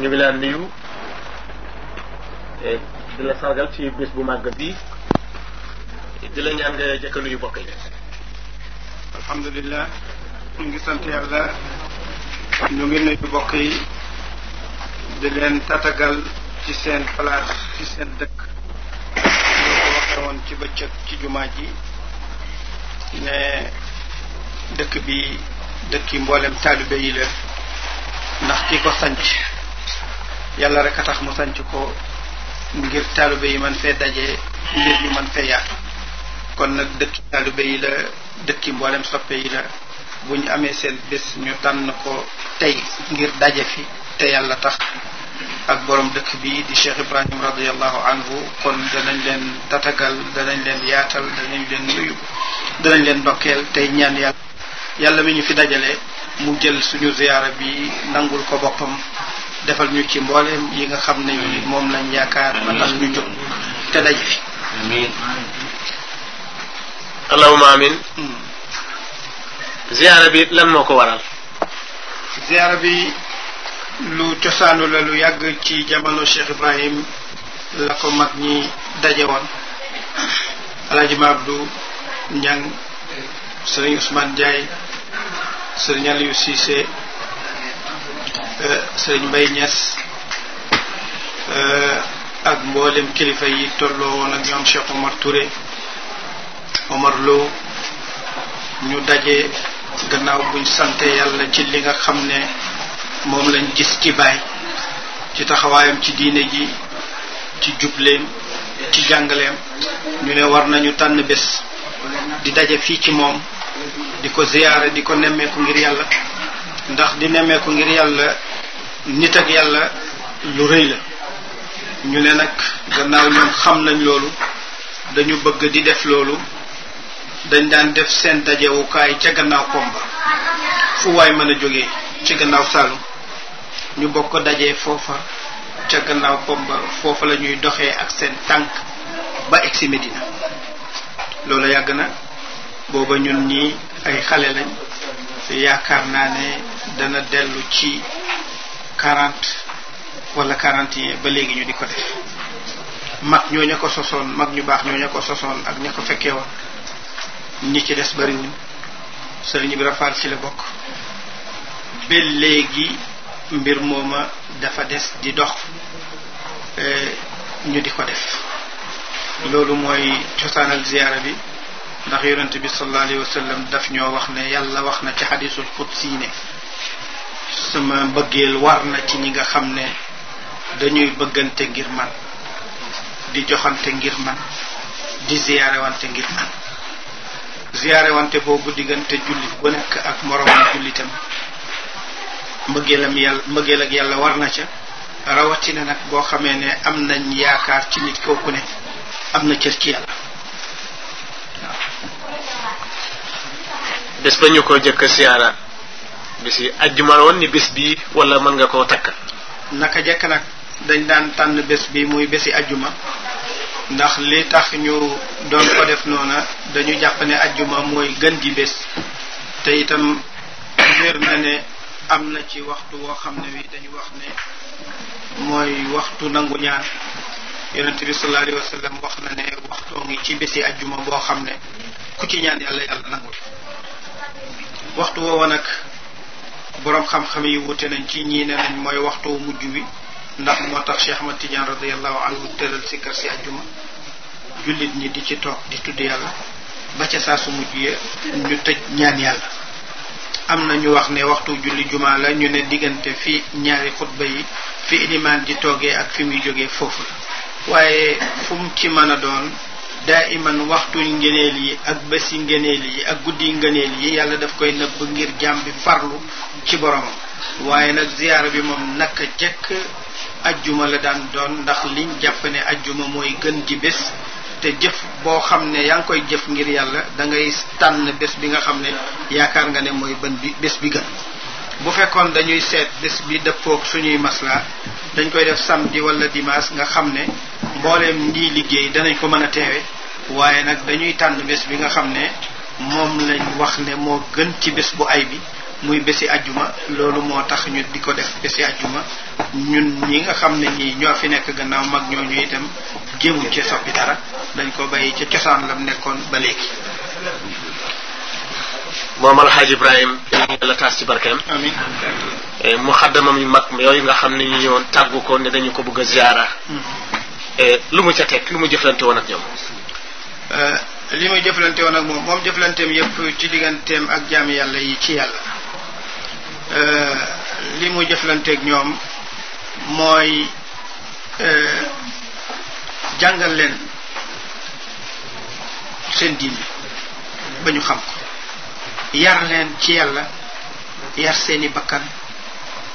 ñu ngi laa nuyu eh, di sargal ci bés bu màgg bi di la ñaan nga jëkk nuyu bokk yi ñu ngi sant yàlla ñu ngi nuyu bokk yi di leen tatagal ci seen place ci seen dëkk ñoo ko waxee ci bëccëg ci jumaa ji ne dëkk bi dëkki mboolem taalibe yi la ndax ki ko sanc yàlla rek a tax mu sanc ko ngir taalibe yi man fee daje ngir ñu man fee yaatu kon nag dëkki taalibe yi la dëkki mboolem soppe yi la bu ñu amee seen bés ñu tànn ko tey ngir daje fi te yàlla tax ak boroom dëkk bi di Cheikh Ibrahim radiallahu anhu kon danañ leen tatagal danañ leen yaatal danañ leen nuyu danañ leen ndokkeel tey ñaan yàlla yàlla mi ñu fi dajale mu jël suñu ziyaara bi nangul ko boppam defal ñu ci mbooleem yi nga xam ne yi moom lañ yaakaar ba tax ñu jóg te daje fi amiin allahumma hmm. bi lan moo ko waral ziyaara bi lu cosaanu la lu yàgg ci jamono Cheikh Ibrahim la ko mag ñi daje woon Alaaji Mabdu Ñang sëriñ Ousmane Ndiaye sëriñ Aliou Cissé sëriñ Mbaye Niass ak mboolem kilifa yi tolloo woon ak ñoom Cheikh Omar Touré Omar Lo ñu daje gannaaw buñ sante yàlla ci li nga xam ne moom lañ gis ci baay ci taxawaayam ci diine ji ci jubleem ci jàngaleem ñu ne war nañu tànn bés di daje fii ci moom di ko ziyaare di ko nemmeeku ngir yàlla ndax di nemmeeku ngir yàlla nit ak yàlla lu rëy la ñu ne nag gannaaw ñoom xam nañ loolu dañu bëgg di def loolu dañ daan def seen dajewukaay ca gannaaw komba fu waay mën a jógee ci gannaaw Saalum ñu bokk dajee foofa ca gannaaw komba foofa la ñuy doxee ak seen tànk ba egsi Medina loolu yàgg na booba ñun ñii ay xale lañ yaakaar naa ne dana dellu ci quarante wala quarante yi ba léegi ñu di ko def mag ñoo ña ko sosoon mag ñu baax ñoo ña ko sosoon ak ña ko fekkee woon ñi ci des bariwuñ sëriñ bi rafaal la bokk ba léegi mbir mooma dafa des di dox eh, ñu di ko def loolu mooy cosaanal ziyaara bi ndax yonent bi sallallahu alayhi daf ñoo wax ne yàlla wax na ci xadisul qudsi ne sama mbëggeel war na ci ñi nga xam ne dañuy bëggante ngir man di joxante ngir man di ziyaarewante ngir man ziyaarewante boobu diggante jullit bu nekk ak moroomam jullitam mbëggeelam yàlla mbëggeel ak yàlla war na ca rawatina nag boo xamee ne am nañ yaakaar ci nit kooku ne am na cër ci yàlla bés ba ñu ko jëkk siyaara bis yi ajjuma la woon ni bés bii wala mën nga koo takk naka jekk nag dañ daan tànn bés bi muy bési ajjuma ndax li tax ñu doon ko def noona dañu jàpp ne ajjuma mooy gën gi bés te itam wér na ne am na ci waxtu woo xam ne wi dañu wax ne mooy waxtu nangu ñaan yonent bi sallallahu alayhi wa sallam wax na ne waxtoo ngi ci bési ajjuma boo xam ne ku ci ñaan yàlla yàlla nangul waxtu woowa nag boroom xam-xam yi wute nañ ci ñii ne nañ mooy waxtu mujj wi ndax moo tax Cheikh ma Tidiane radiallahu anhu tëral si kër si ajjuma jullit ñi di ci toog di tudd yàlla ba ca saa su mujj ya ñu tëj ñaan yàlla am na ñu wax ne waxtu julli jumaa la ñu ne diggante fi ñaari xutba yi fi ilimaan di toogee ak fi muy jógee foofu waaye fu ci mën a doon daa iman waxtu ngëneel yi ak bés yi ngëneel yi ak guddi ngëneel yi yàlla daf koy nëbb ngir jaam bi farlu ci boromam waaye nag ziyaara bi moom naka jekk ajjuma la daan doon ndax liñ jàpp ne ajjuma mooy gën ji bés te jëf boo xam ne yaa ngi koy jëf ngir yàlla da ngay tànn bés bi nga xam ne yaakaar nga ne mooy bën bi bés bi gën bu fekkoon dañuy seet bés bi dëppoog suñuy masla dañ koy def samedi wala dimanche nga xam ne mbooleem ndi liggéey danañ ko mën a teewe waaye nag dañuy tànn bés bi nga xam ne moom lañ wax ne moo gën ci bés bu ay bi muy bési ajjuma loolu moo tax ñu di ko def bési ajjuma ñun ñi nga xam ne ñii ñoo fi nekk gannaaw mag ñooñu itam jéemuñ ci soppi dara dañ ko bàyyi ca cosaan lam nekkoon ba léegi moom alxaaji ibrahim yàlla taas ci barkeem eh, mu xaddamam yu mag yooyu nga xam ne ñu ñëwoon tàggu ne dañu ko bëgg a ziyaara mm-hmm. eh, lu mu ca teg lu mu jëflante woon ak eh, jëflante woon ak moom jëflanteem yëpp ci digganteem ak jaami yàlla yi ci yàlla li mu jëflanteeg ñoom mooy jàngal leen seen diine ba ñu xam ko yar leen ci yàlla yar seeni bakkan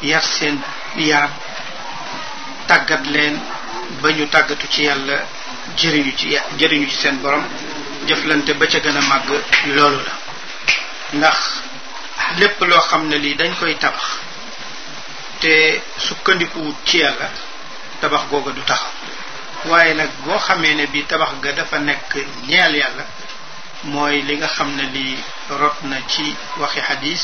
yar seen yaram tàggat leen ba ñu tàggatu ci yàlla jëriñu ci jëriñu ci seen borom jëflante ba ca gën a màgg loolu la ndax lépp loo xam ne lii dañ koy tabax te sukkandikuwut ci yàlla tabax googa du taxaw waaye nag boo xamee ne bi tabax ga dafa nekk ñeel yàlla mooy li nga xam ne li rot na ci waxi xadis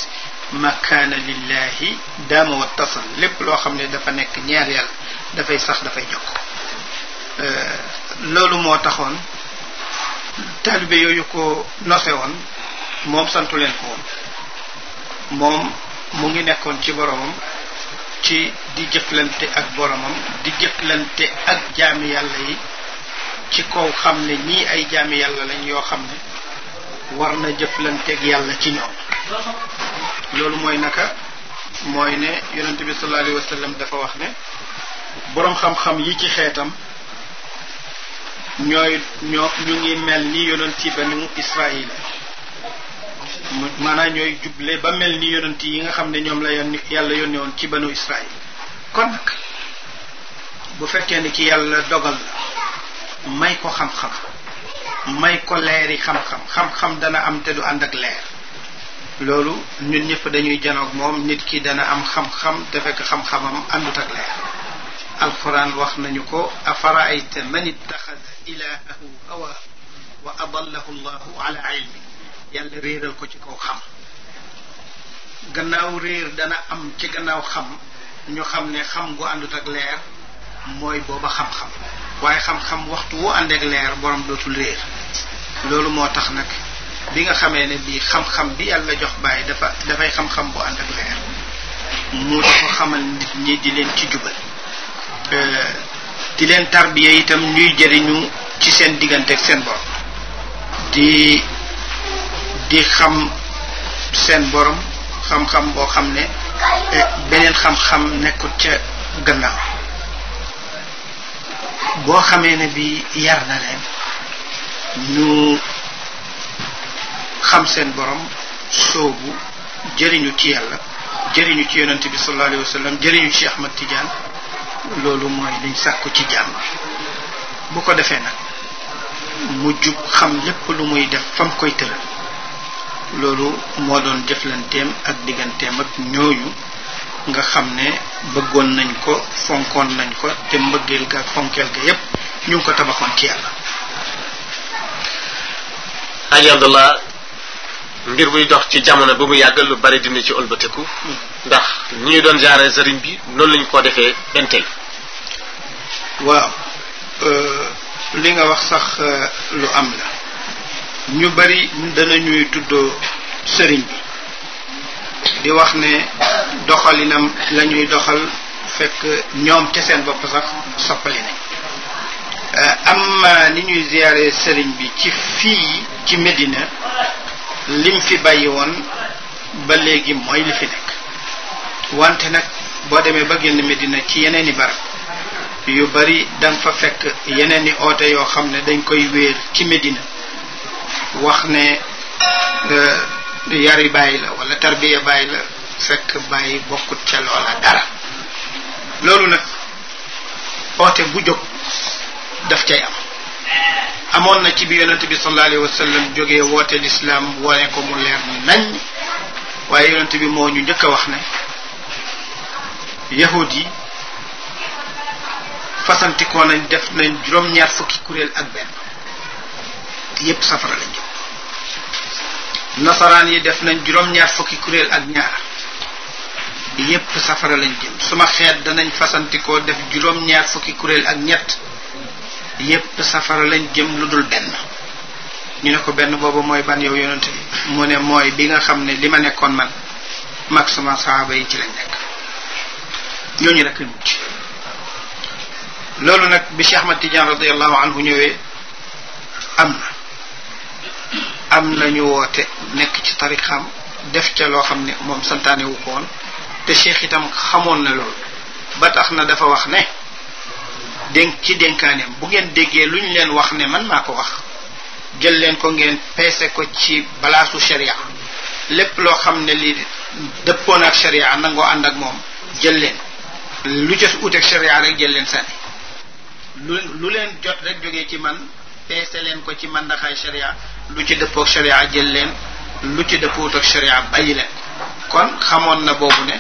makaana lillahi daama wattasal lépp loo xam ne dafa nekk ñaar yàlla dafay sax dafay jokk euh, loolu moo taxoon taalibe yooyu ko nose woon moom santu leen ko moom mu ngi nekkoon ci boromam ci di jëflante ak boromam di jëflante ak jaami yàlla yi ci kaw xam ne ñii ay jaami yàlla lañ yoo xam ne war na jëflanteeg yàlla ci ñoom loolu mooy naka mooy ne yonente bi sallallahu laa wa sallam dafa wax ne boroom xam-xam yi ci xeetam ñooy ñoo ñu ngi mel ni yonent yi banu Israil maanaa ñooy juble ba mel ni yonent yi nga xam ne ñoom la yónni yàlla yónni woon ci banu Israil kon nag bu fekkee ni ki yàlla dogal may ko xam-xam may ko leeri xam-xam xam-xam dana am te du ànd ak leer loolu ñun ñëpp dañuy janoog moom nit kii dana am xam-xam te fekk xam-xamam àndut ak leer alquran wax nañu ko afaraayta man ittaxada ilaahu hawa wa adallahu llahu ala ilmi ko ci kaw xam gannaaw dana am ci gannaaw xam ñu xam ne xam gu àndut ak leer mooy booba xam-xam waaye xam-xam waxtu wu ànd ak leer borom dootul réer loolu moo tax nag bi nga xamee ne bii xam-xam bi yàlla jox bàyyi dafa dafay xam-xam bu ànd ak leer mu dafa xamal nit ñi di leen ci jubal di leen tarbiya itam ñuy jëriñu ci seen diggante ak seen borom di di xam seen boroom xam-xam boo xam ne eh, beneen xam-xam nekkul ca gannaaw boo xamee ne bi yar na leen ñu xam seen boroom soobu jëriñu ci yàlla jëriñu ci yonent bi sallallahu alayhi wa sallam jëriñu ci Ahmad Tidiane loolu mooy liñ sàkku ci jàmm bu ko defee nag mu jub xam lépp lu muy def fam koy tëral loolu moo doon jëflanteem ak digganteem ak ñooñu nga xam ne bëggoon nañ ko fonkoon nañ ko te mbëggeel ga ak fonkeel ga yépp ñu ko tabaxoon ci yàlla aji abdullah mbir buy dox ci jamono bu mu yàggal lu bari dina ci ëlbateku hmm. ndax ñi doon jaare sëriñ bi noonu lañ koo defee benn waaw euh, li nga wax sax euh, lu am la ñu bari dana ñuy tuddoo sëriñ bi di wax ne doxalinam lañuy doxal fekk ñoom ca seen bopp sax soppali eh, am ni ñuy ziare sëriñ bi ci fii ci Medina lim fi bàyyi woon ba léegi mooy li fi nekk wante nag boo demee ba génn Medina ci yeneen i barab yu bari da fa fekk yeneeni i oote yoo xam ne dañ koy wéer ci Medina wax ne. Eh, di yari bàyyi la wala tarbiya bàyyi la fekk bàyyi bokkut ca loola dara loolu nag oote bu jóg daf cay am amoon na ci bi yonent bi sallallahu alayhi wa sallam woote lislaam wane ko mu leer nañ waaye yonent bi moo ñu njëkk a wax ne yahud yi fasantikoo nañ def nañ juróom kuréel ak benn yépp safara nasaraan yi def nañ juróom-ñaar fukki kuréel ak ñaar yépp safara lañ jëm suma xeet danañ fasantikoo def juróom-ñaar fukki kuréel ak ñett yépp safara lañ jëm lu dul benn ñu ne ko benn boobu mooy ban yow yonent bi mu ne mooy bi nga xam ne li ma nekkoon man mag suma saxaaba yi ci lañ nekk ñooñu rek mucc loolu nag bi ma Ahmad Tidiane radiallahu anhu ñëwee am na am nañu woote nekk ci tarixam def ca loo xam ne moom santaane wu te cheikh itam xamoon na loolu ba tax na dafa wax ne dénk ci dénkaaneem bu ngeen déggee lu ñu leen wax ne man maa ko wax jël leen ko ngeen peese ko ci balaasu sharia lépp loo xam ne li dëppoon ak sharia nangoo ànd ak moom jël leen lu ca uteeg sharia rek jël leen sànni lu lu leen jot rek jógee ci man peese leen ko ci mandaxaay sharia lu ci dëppook sharia jël leen lu ci dëppoot ak sharia bàyyi leen kon xamoon na boobu ne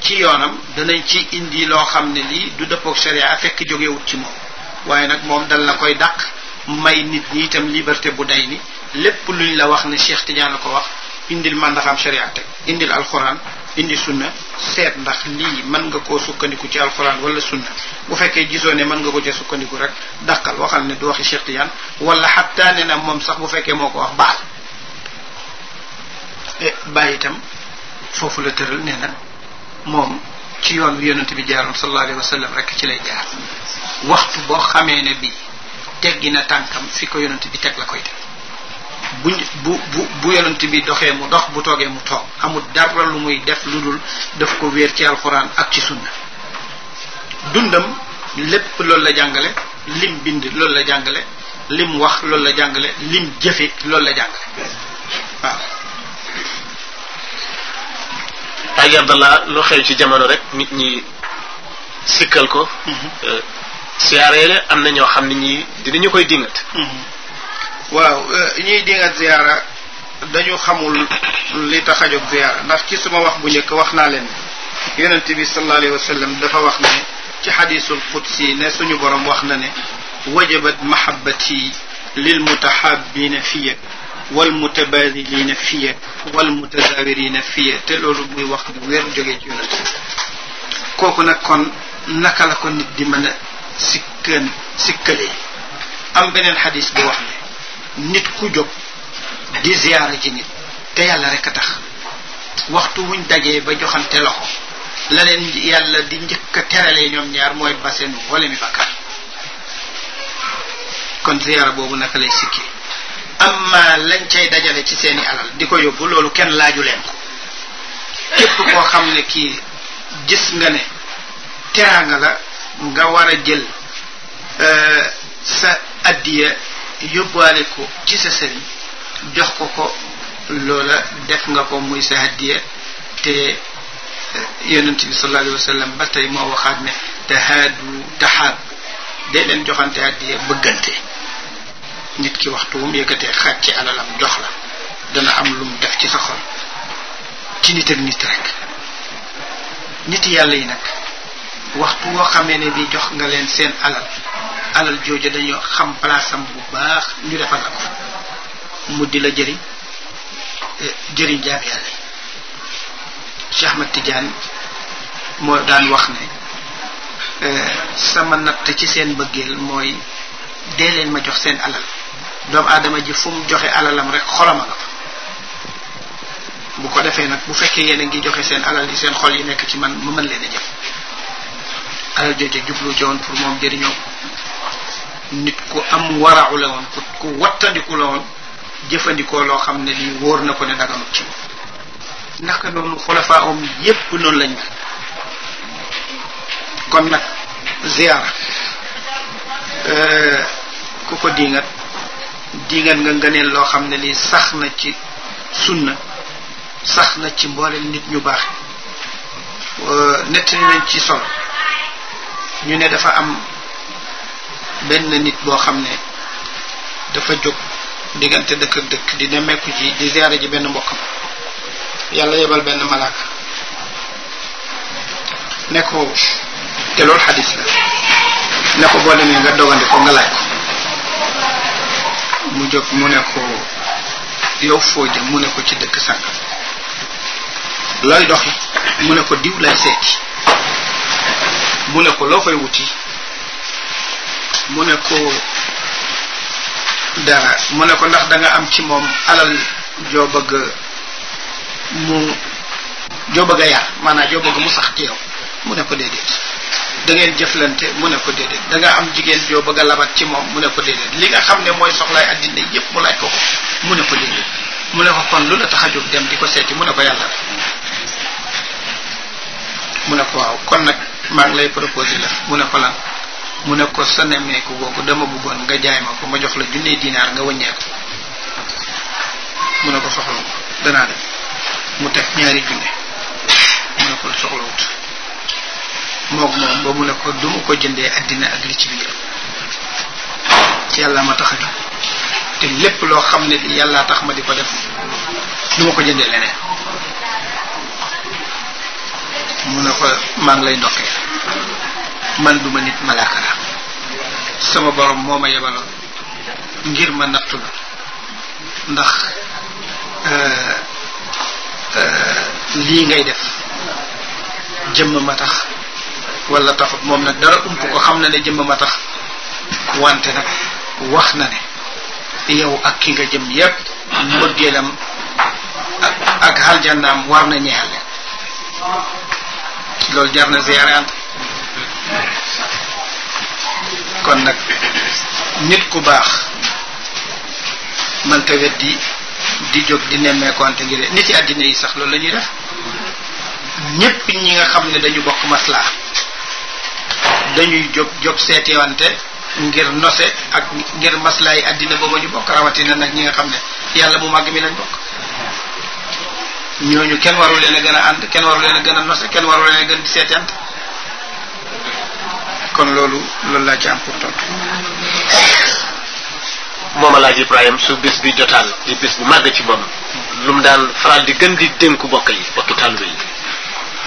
ci yoonam danañ ci indi loo xam ne lii du dëppook sharia fekk jógewut ci moom waaye nag moom dal na koy dàq may nit ñi itam liberté bu day ni lépp luñ la wax ne Cheikh Tidiane la ko wax indil mandaxam sharia teg indil alxuraan indi sunna seet ndax lii mën nga koo sukkandiku ci alxuraan wala sunna bu fekkee gisoo ne mën nga koo ci sukkandiku rek dàqal waxal ne du waxi Cheikh Tidiane wala xataa ne na moom sax bu fekkee moo ko wax baal eh, bàyyi itam foofu la tëral ne na moom ci yoon wi yonent bi jaaroon sallallahu alayhi wa rek ci lay jaar waxtu boo xamee ne bii teggi na tànkam fi ko yonent bi teg la koy def bu bu bu bu yonent bi doxee mu dox bu toogee mu toog amul dara lu muy def lu dul daf ko wéer ci alxuraan ak ci sunna dundam lépp loolu la jàngale lim bind loolu la jàngale lim wax loolu la jàngale lim jëfe loolu la jàngale waaw Aji Abdallah lu xew ci jamono rek nit ñi sikkal ko mhm. euh, siyaaree am na ñoo xam ne ñi dinañu koy dingat mhm. waaw eh, ñuy dingat ziyaara dañu xamul li tax a jóg ziyaara ndax ci suma wax bu njëkk wax naa leen yonent bi sallallahu alayhi wa dafa wax ne ci xadisul qudsi ne suñu borom wax na ne wajabat mahabbati lil mutahabina fiya wal mutabadilina fiya wal mutazawirina fiya te loolu muy wax bu wér jógee ci yonent kooku nag kon naka la kon nit di mën a sikkan sikkalee am beneen xadis bu wax ne nit ku jóg di ziyaara ci nit te yàlla rek a tax waxtu wuñ dajee ba joxante loxo la leen yàlla di njëkk teralee ñoom ñaar mooy basen wala mi bakkaar kon ziyaara boobu naka lay sikki amma lañ cay dajale ci seeni alal di ko yóbbu loolu kenn laaju leen ko képp koo xam ne kii gis nga ne teraanga la nga war a jël euh, sa addiya yóbbaale ko ci sa sëriñ jox ko ko loola def nga ko muy sa hadiya te eh, yonent bi sallallahu alayhi wa ba tey moo waxaat ne tahaadu tahaab day leen joxante hadiya bëggante nit ki waxtu wu mu yëkkatee xaaj ci alalam jox la dana am lu mu def ci sa xol ci nit ak nit rek nit yàlla yi nag waxtu woo xamee ne bi jox nga leen seen alal alal jooju dañoo xam palaasam bu baax ñu defal la ko mu di la jëriñ eh, jëriñ jaam yàlla yi Cheikh Ahmad Tidiane moo daan wax ne eh, sama natt ci seen bëggeel mooy dee leen ma jox seen alal doomu aadama ji fu mu joxe alalam rek xolama nga bu ko defee nag bu fekkee yéen a ngi joxe seen alal di seen xol yi nekk ci man ma mën leen a jëf alal jooje jublu ci woon pour moom jëriñoo nit ku am waraaw la woon ku wattandiku la woon jëfandikoo loo xam ne lii wóor na ko ne daganut ci naka noonu xulafaa om yépp noonu lañ kon nag ziyaara euh, ku ko diingat diingat nga ngëneel loo xam ne lii sax na ci na sax na ci mboolem nit ñu baax euh, nettali nañ ci solo ñu ne dafa am benn nit boo xam ne dafa jóg diggante dëkk dëkk di nemmeeku ji di ziare ji benn mbokkam yàlla yebal benn malaaka ne ko te loolu xadis la ne ko boo demee nga dogandi ko nga laaj mu jóg mu ne ko yow foo mu ne ko ci dëkk sànq looy doxi mu ne ko diw seeti mu ne ko loo fay wuti mu ne ko da mu ne ko ndax danga am ci moom alal joo bëgg mu joo bëgg a yar maanaam joo bëgg mu sax ci yow mu ne ko déedéet da ngeen jëflante mu ne ko déedéet da nga am jigéen joo bëgg a labat ci moom mu ne ko déedéet li nga xam ne mooy soxlaay addina yépp mu laaj ko ko mu ne ko déedéet mu ne ko kon lu la tax a jóg dem di ko seeti mu ne ko yàlla mu ne ko waaw kon nag maa ngi lay proposé la mu ne ko lan mu ne ko sa nemmeeku googu dama bëggoon nga jaay ma ko ma jox la junne dinaar nga wàññeeku mu ne ko soxla ko danaa def mu teg ñaari junne mu ne ko soxlawut moog moom ba mu ne ko du ma ko jëndee àddina ak li ci biir yàlla ma tax a jóg te lépp loo xam ne yàllaa tax ma di ko def du ma ko jënde leneen mu ne ko maa ngi lay ndokkee man duma nit malaaka la sama borom moo ma yebaloon ngir ma nattu la ndax euh, euh, lii ngay def jëmm ma tax wala taxut moom nag dara ump ko xam na ne jëmm ma tax wante nag wax na ne yow ak ki nga jëm yépp mbëggeelam ak ak aljannaam war na ñeexal leen loolu jar na ziyaarante kon nag nit ku baax mënta weddi di jóg di nemmeekonte ngir nit yi àddina yi sax loolu la ñuy def ñépp ñi nga xam ne dañu bokk maslaa dañuy jóg jóg seetiwante ngir nose ak ngir maslaa yi àddina boobu ñu bokk rawatina nag ñi nga xam ne yàlla mu màgg mi lañ bokk ñooñu kenn waru leen a gën a ànd kenn waru leen a gën a nose kenn warul leen a gën di seetante kon loolu loolu laa ci am pour tontu. moom a laaj Ibrahima su bis bi jotaan di bis bu màgg ci moom lu mu daan faral di gën di dénku bokk yi bokki taalibe yi.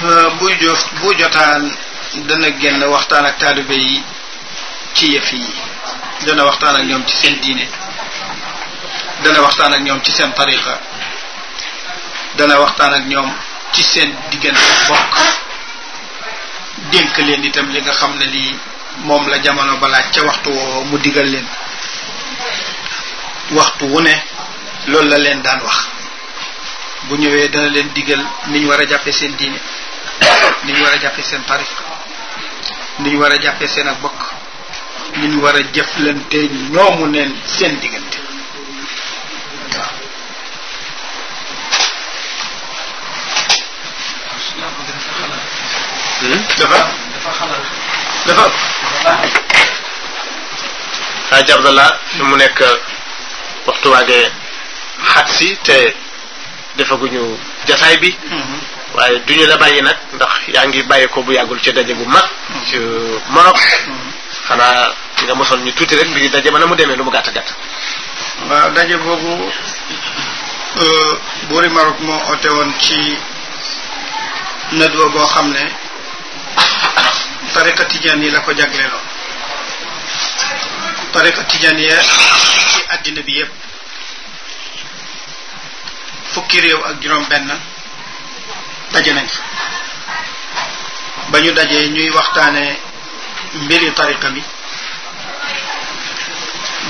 Euh, buy jo bu jotaan dana génn waxtaan ak taalibe yi ci yëf yi dana waxtaan ak ñoom ci seen diine dana waxtaan ak ñoom ci seen tariqa dana waxtaan ak ñoom ci seen diggante bokk dénk leen itam li nga xam ne lii moom la jamono balaa ca waxtu woo mu digal leen waxtu wu ne loolu la leen daan wax bu ñëwee dana leen digal ñu war a jàppe seen diine niñ war a jàppe seen tarix niñ war a jàppe seen ak bokk ñu war a jëflante ñoomu leen seen diggante dafa dafa ëpp xaaj Abdallah fi mu nekk euh, waxtu waagee xat si te defaguñu jataay bi hmm. waaye duñu la bàyyi nag ndax yaa ngi bàyyi ko bu yàggul ci daje bu mag hmm. ci Maroc hmm. xanaa nga mosoon ñu tuuti rek bi daje mën a mu demee lu mu gàtt gàtt waaw daje boobu euh, buuri Maroc moo oote woon ci nadwa boo xam ne tariqa tijaan yi la ko jagleeloon tariqa tijaan ya ci àddina bi yépp fukki réew ak juróom benn daje nañ fa ba ñu dajee ñuy waxtaane mbiri tariqa bi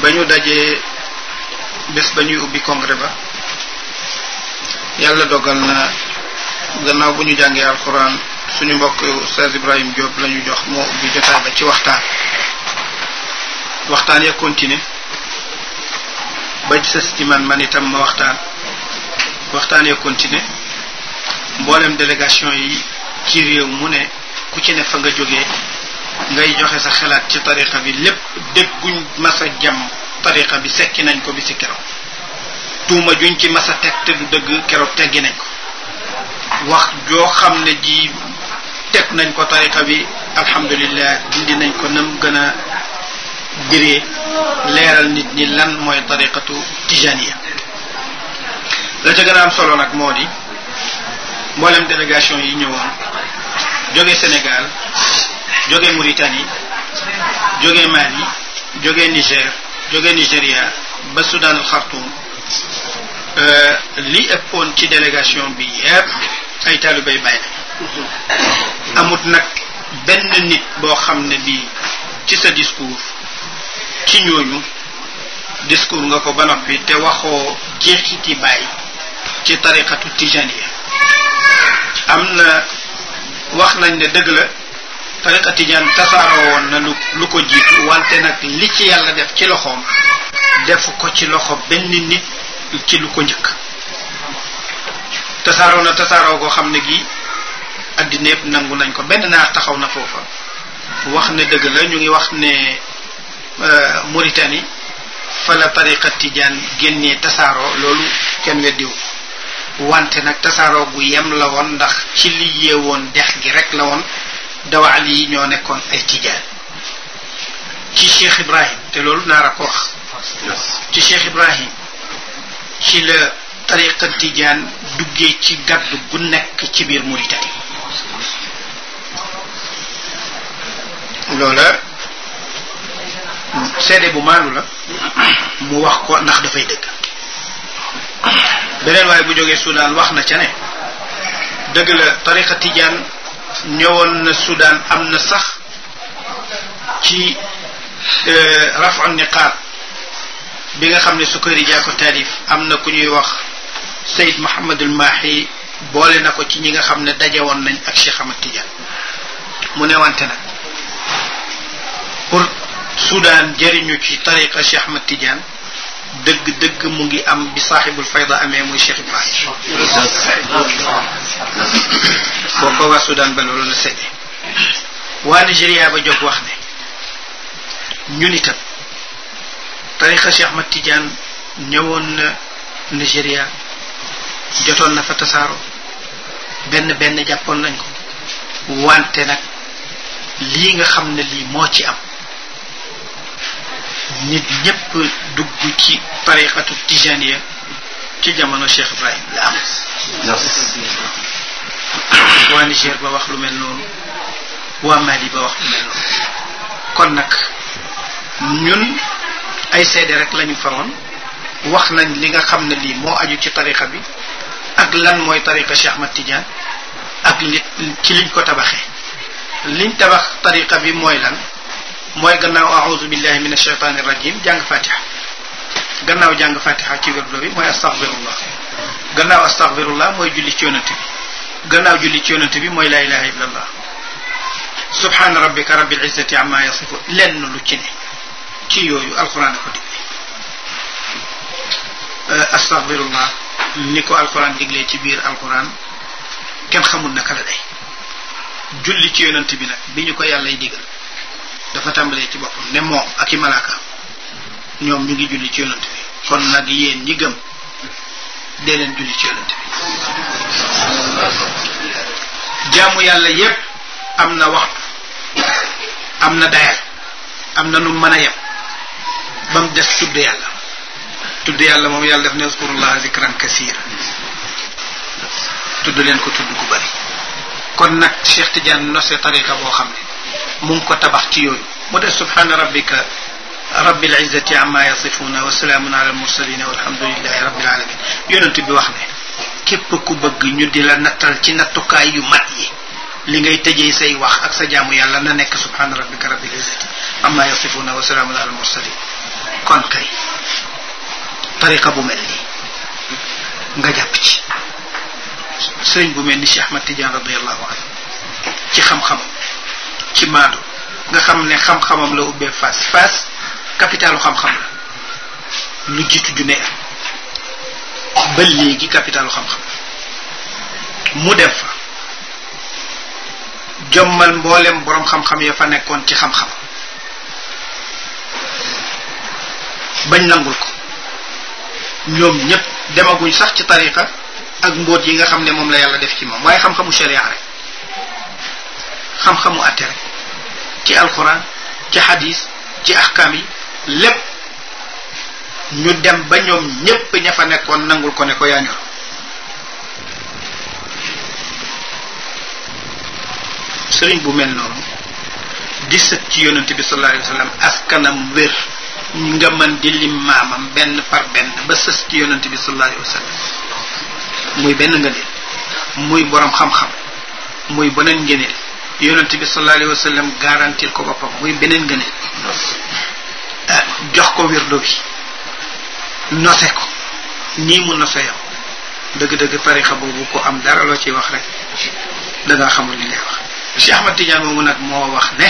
ba ñu dajee bés ba ñuy ubbi congrès ba yàlla dogal na gannaaw bu ñu jàngee alxuraan suñu mbokk Oustaz Ibrahima Diop la ñu jox moo ubbi jotaay ba ci waxtaan waxtaan ya continuer ba ci ci man man itam ma waxtaan waxtaan ya continé mboolem délégation yi ci réew mu ne ku ci ne fa nga jógee ngay joxe sa xalaat ci tariqa bi lépp dégguñ masa jàmm tariqa bi sekki nañ ko bi ci keroog tuuma juñ ci masa teg te du dëgg keroog teggi nañ ko wax joo xam ne ji teg nañ ko tariqa bi alhamdulilah indi nañ ko nam gën a biree leeral nit ñi lan mooy tariqatu tijaniya la ca gën a am solo nag moo di mboolem délégation yi ñëwoon jóge Sénégal joge Mauritanie jóge Mali jóge Niger jóge Nigeria ba Soudan al Khartoum euh, li ëppoon ci délégation bi yépp ay taalibay bàyyi amut nag benn nit boo xam ne bii ci sa discours ci ñooñu discours nga ko ba noppi te waxoo jeexiti bàyyi ci tariqatu yi am na wax nañ ne dëgg la tariqa tijan tasaaroo woon na lu lu ko jiitu wante nag li ci yàlla def ci loxoom def ko ci loxo benn nit ci lu ko njëkk tasaaroo na tasaaroo goo xam ne gi addina yëpp nangu nañ ko benn naa taxaw na foofa wax ne dëgg la ñu ngi wax ne euh, Mauritanie fa la tariqa tijaan génnee tasaaroo loolu kenn weddiwu wante nag tasaaroo gu yem la woon ndax ci li yeewoon dex gi rek la woon dawaal yi ñoo nekkoon ay tijaan ci Cheikh Ibrahim te loolu naara ko wax ci Cheikh Ibrahim ci la tariqa tijaan duggee ci gàddu gu nekk ci biir Mauritanie loola seede bu maandu la mu wax ko ndax dafay dëgg beneen waaye bu jógee Soudan wax na ca ne dëgg la tariqa tijaan ñëwoon na Soudan am na sax ci eh, rafu niqaab bi nga xam ne Sukari jaa ko taalif am na ku ñuy wax Seyd Mahamadul Maahi boole na ko ci ñi nga xam ne daje woon nañ ak Cheikh Ahmad mu ne wante nag pour Soudan jëriñu ci tariqa Cheikh Ahmad dëgg dëgg mu ngi am bi saaxibul fayda amee muy Cheikh Ibrahim boo ko waa Soudan ba loolu la seddee waa Nigéria ba jóg wax ne ñun itam tariqa Cheikh Ahmad Tidiane ñëwoon na Nigéria jotoon na fa tasaaro benn benn jàppoon nañ ko wante nag lii nga xam ne lii moo ci am nit ñépp dugg ci tariqatu tijaniya ci jamono Cheikh Ibrahim la am waa Niger ba wax lu mel noonu waa Mali ba wax lu mel noonu kon nag ñun ay seede rek lañu faroon wax nañ li nga xam ne lii moo aju ci tariqa bi ak lan mooy tariqa Cheikh Ahmad Tidiane ak li ci liñ ko tabaxee liñ tabax tariqa bi mooy lan mooy gannaaw aoudu billahi min ashaytani rajim jàng fatiha gannaaw jàng fatiha ci wérdo bi mooy astaghfirullah gannaaw astaghfirullah mooy julli ci yonent bi gannaaw julli ci yonent bi mooy la ilaha illallah subhana rabbika rabbil izzati amma yasifu lenn lu ci ne ci yooyu alquran ko dig astaghfirullah ni ko alquran diglee ci biir alquran kenn xamul naka la day julli ci yonent bi nag bi ñu ko yàllay digal dafa tàmbalee ci boppam ne moom ak i malaakaam ñoom ñu ngi julli ci yonent bi nag yéen ñi gëm dee jaamu yàlla yépp am na waxtu am na dayal am na nu mën a yem ba mu des tudd yàlla tudd yàlla moom yàlla def ne uskurullaha zikran kasir tudd leen ko tudd gu bari kon nag Cheikh Tidiane nose tariqa boo xam ne mu ngi ko tabax ci yooyu mu def subhaana rabbika rabbil izzati amma yasifuna wa salaamun ala al mursalina walhamdulillahi rabbil alamin yonent bi wax ne képp ku bëgg ñu di la nattal ci nattukaay yu mat yi li ngay tëjee say wax ak sa jaamu yàlla na nekk subhaana rabbika rabbil izzati amma yasifuna wa salaamun ala al mursalin kon kay tariqa bu mel nii nga jàpp ci sëriñ bu mel ni Cheikh Ahmad Tidiane radiyallahu anhu ci xam-xamam ci maandu nga xam ne xam-xamam la ubbee Fass Fass capitalu xam-xam la lu jiitu junne am ba léegi capitalu xam-xam mu dem fa jommal mboolem boroom xam-xam ya fa nekkoon ci xam-xam bañ nangul ko ñoom ñëpp demaguñ sax ci tariqa ak mbóot yi nga xam ne moom la yàlla def ci moom waaye xam-xamu sharia rek xam-xamu atte ci alxuraan ci hadis ci ahkam yi lépp ñu dem ba ñoom ñépp ña fa nekkoon nangul ko ne ko yaa ñor sëriñ bu mel noonu gis sët ci yonent bi sallallahu alayhi wa sallam askanam wér nga mën di lim maamam benn par benn ba sës ci yonent bi sallallahu alayhi wa muy benn ngëneel muy borom xam-xam muy beneen ngëneel yonent bi sallallahu alayhi wa sallam ko boppam muy beneen ngëneel ah, jox ko wirdo bi nose ko nii mu nose yow dëgg-dëgg tarixa boobu ko am dara loo ciy wax rek danga xamul li ngay wax Cheikh Ahmad Tidiane moomu nag moo wax ne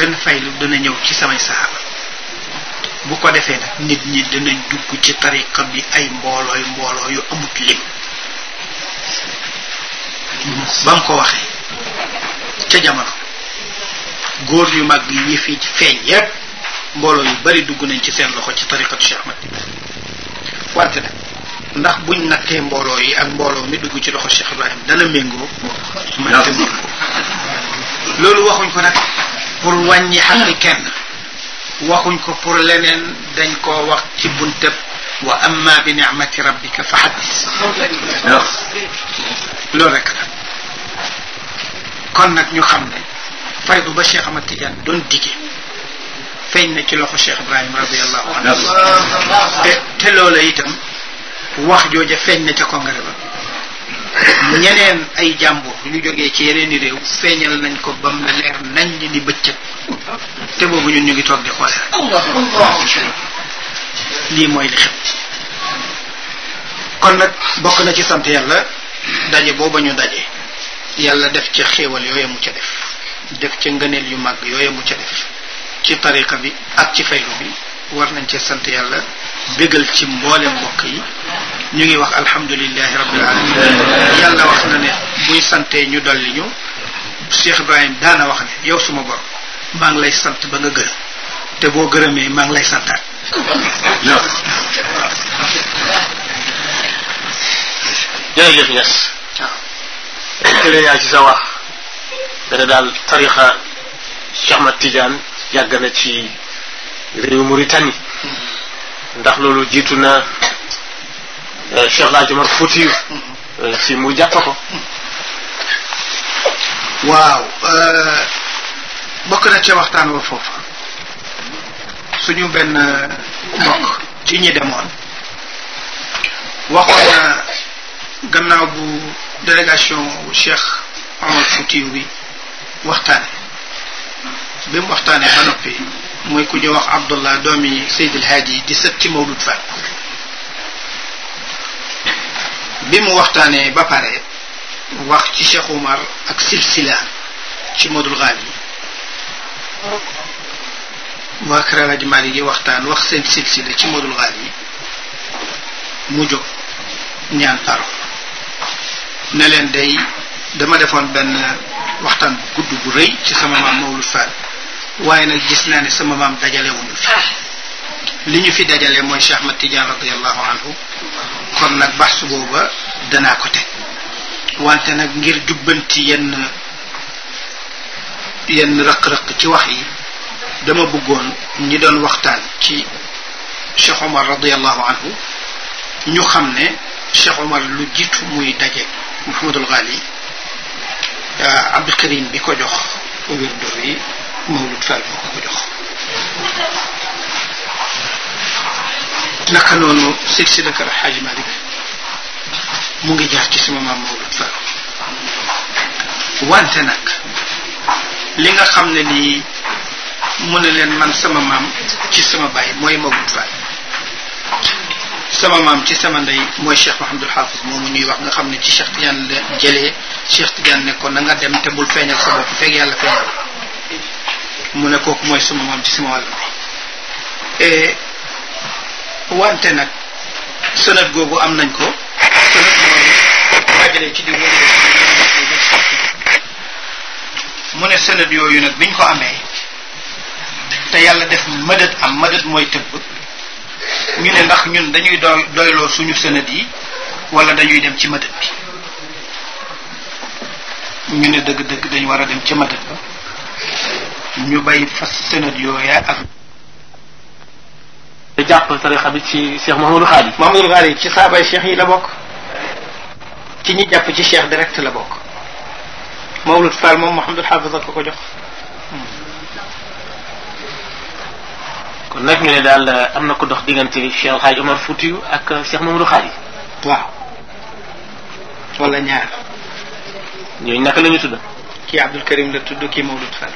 benn faylu dana ñëw ci samay saxaaba bu ko defee nag nit ñi dinañ dugg ci tariqa bi ay mboolooy mbooloo yu amut lim ba mu ko waxee ca jamono góor yu mag yi fi feeñ yépp mbooloo yu bari dugg nañ ci seen loxo ci tariqatu Cheikh Ahmad wante nag ndax buñ nattee mbooloo yi ak mbooloo mi dugg ci loxo Cheikh Ibrahim dana méngoo loolu waxuñ ko nag pour wàññi xaqi kenn waxuñ ko pour leneen dañ ko wax ci buntëb wa amma bi ni'mati rabbika fa xaddis loolu rek la kon nag ñu xam ne faydu ba Cheikh Ahmad Tidiane doon digee feeñ na ci loxo Cheikh Ibrahim radiallahu anhu te te loola itam wax a feeñ na ca congrès ba ñeneen ay jàmbur ñu jóge ci yeneeni réew feeñal nañ ko bam leer nañ ni bëccëg te boobu ñun ñu ngi toog di xoole lii mooy li xew kon nag bokk na ci sant yàlla daje booba ñu daje yàlla def ca xéewal yooya mu ca def def ca ngëneel yu màgg yooya mu ca def ci tariqa bi ak ci faylu bi war nañ cee sant yàlla bégal ci mboolem mbokk yi ñu ngi wax alhamdulilahi rabbil alamin yàlla wax na ne buy santee ñu dolli ñu Cheikh Ibrahim daana wax ne yow suma borom maa ngi lay sant ba nga gërëm te boo gërëmee maa ngi lay santaat jërëjëf Niass kële yaa ci sa wax dana daal tarixa Cheikh Ahmad Tidiane na ci réew Mauritanie ndax loolu jiitu na euh, Cheikh El Hadj Omar euh, si mu jàpp ko waaw euh, bokk na ca waxtaan wa foofa suñu benn mbokk ci ñi demoon waxoon gannaaw bu délégation Cheikh Omar Foutiyou bi waxtaane bi mu waxtaane ba noppi mooy ku ñu wax abdullah doomi seyd alhaadi di sët ci mawlud Fall bi mu waxtaanee ba pare wax ci Cheikh Umar ak silsila ci modul gaali waa kër Alaaji Maalik yi wax seen silsila ci modul gaali mu jóg ñaan paro ne leen day dama defoon benn waxtaan bu gudd bu rëy ci sama maam mawlud Fall waaye nag gis naa ni sama maam dajale wuñu fi ah. li ñu fi dajale mooy Cheikh Ahmad Tidiane radiallahu anhu kon nag baax booba danaa ko teg wante nag ngir jubbanti yenn yenn rëq-rëq ci wax yi dama bëggoon ñi doon waxtaan ci Cheikh Omar radiallahu anhu ñu xam ne Cheikh Omar lu jiitu muy daje Mouhamadul Ghali ah, Abdul Karim bi ko jox wirdu yi Mamadou Fall moo ko jox naka noonu Seyd si Dakar Xaaji Malik mu ngi jaar ci sama maam Mamadou Fall wante nag li nga xam ne nii mu ne leen man sama maam ci sama baay mooy Mamadou Fall sama maam ci sama ndey mooy Cheikh Mahamadul Xaafis moomu ñuy wax nga xam ne ci Cheikh Tidiane jële jëlee Cheikh Tidiane ne na nga dem te bul feeñal sa bopp fekk yàlla feeñal mu ne kooku mooy sama maam ci sama wàll e, wante nag sonat googu am nañ ko sonat mooy waajale ci di mu ne sonat yooyu nag biñ ko amee te yàlla def mëdët am mëdët mooy tëbb ñu ne ndax ñun dañuy doy doyloo suñu sonat yi wala dañuy dem ci mëdët bi ñu ne dëgg-dëgg dañu war a dem ci mëdët ba ñu bay fas sënët yooya ak te jàpp tarixa bi ci Cheikh Mahamadou Xaali Mahamadou Xaali ci saabay cheikh yi la bokk ci ñi jàpp ci cheikh direct la bokk Mawlud Fall moom Mouhamadul Xaafis ak ko ko jox kon nag ñu ne daal eh, am na ko dox diggante Cheikh Alxaaj Omar Foutiyu ak eh, Cheikh Mamadou Xaali waaw wala ñaar ñooñu naka la ñu tudd kii Abdul Karim la tudd kii Mawlud Fall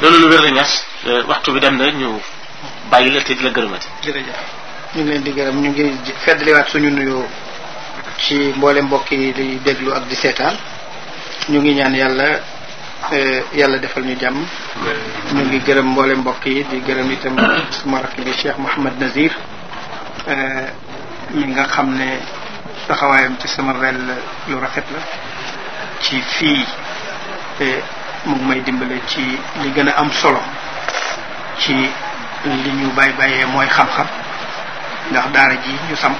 loolu lu wér la euh, waxtu bi dem na ñu bàyyi la te di la gërëmati. ñu ngi leen di gërëm ñu ngi feddliwaat suñu nuyoo ci mboole mbokk yi di déglu ak di seetaan ñu ngi ñaan yàlla euh, yàlla defal ñu jàmm. ñu ngi gërëm mboole mbokk yi di gërëm itam suma rakk bi Cheikh Mouhamad Nazir euh, mi nga xam ne taxawaayam ci sama rel lu rafet la ci fii. mu ngi may dimbale ci li gën a am solo ci li ñu bay bayee mooy xam-xam ndax daara ji ñu samp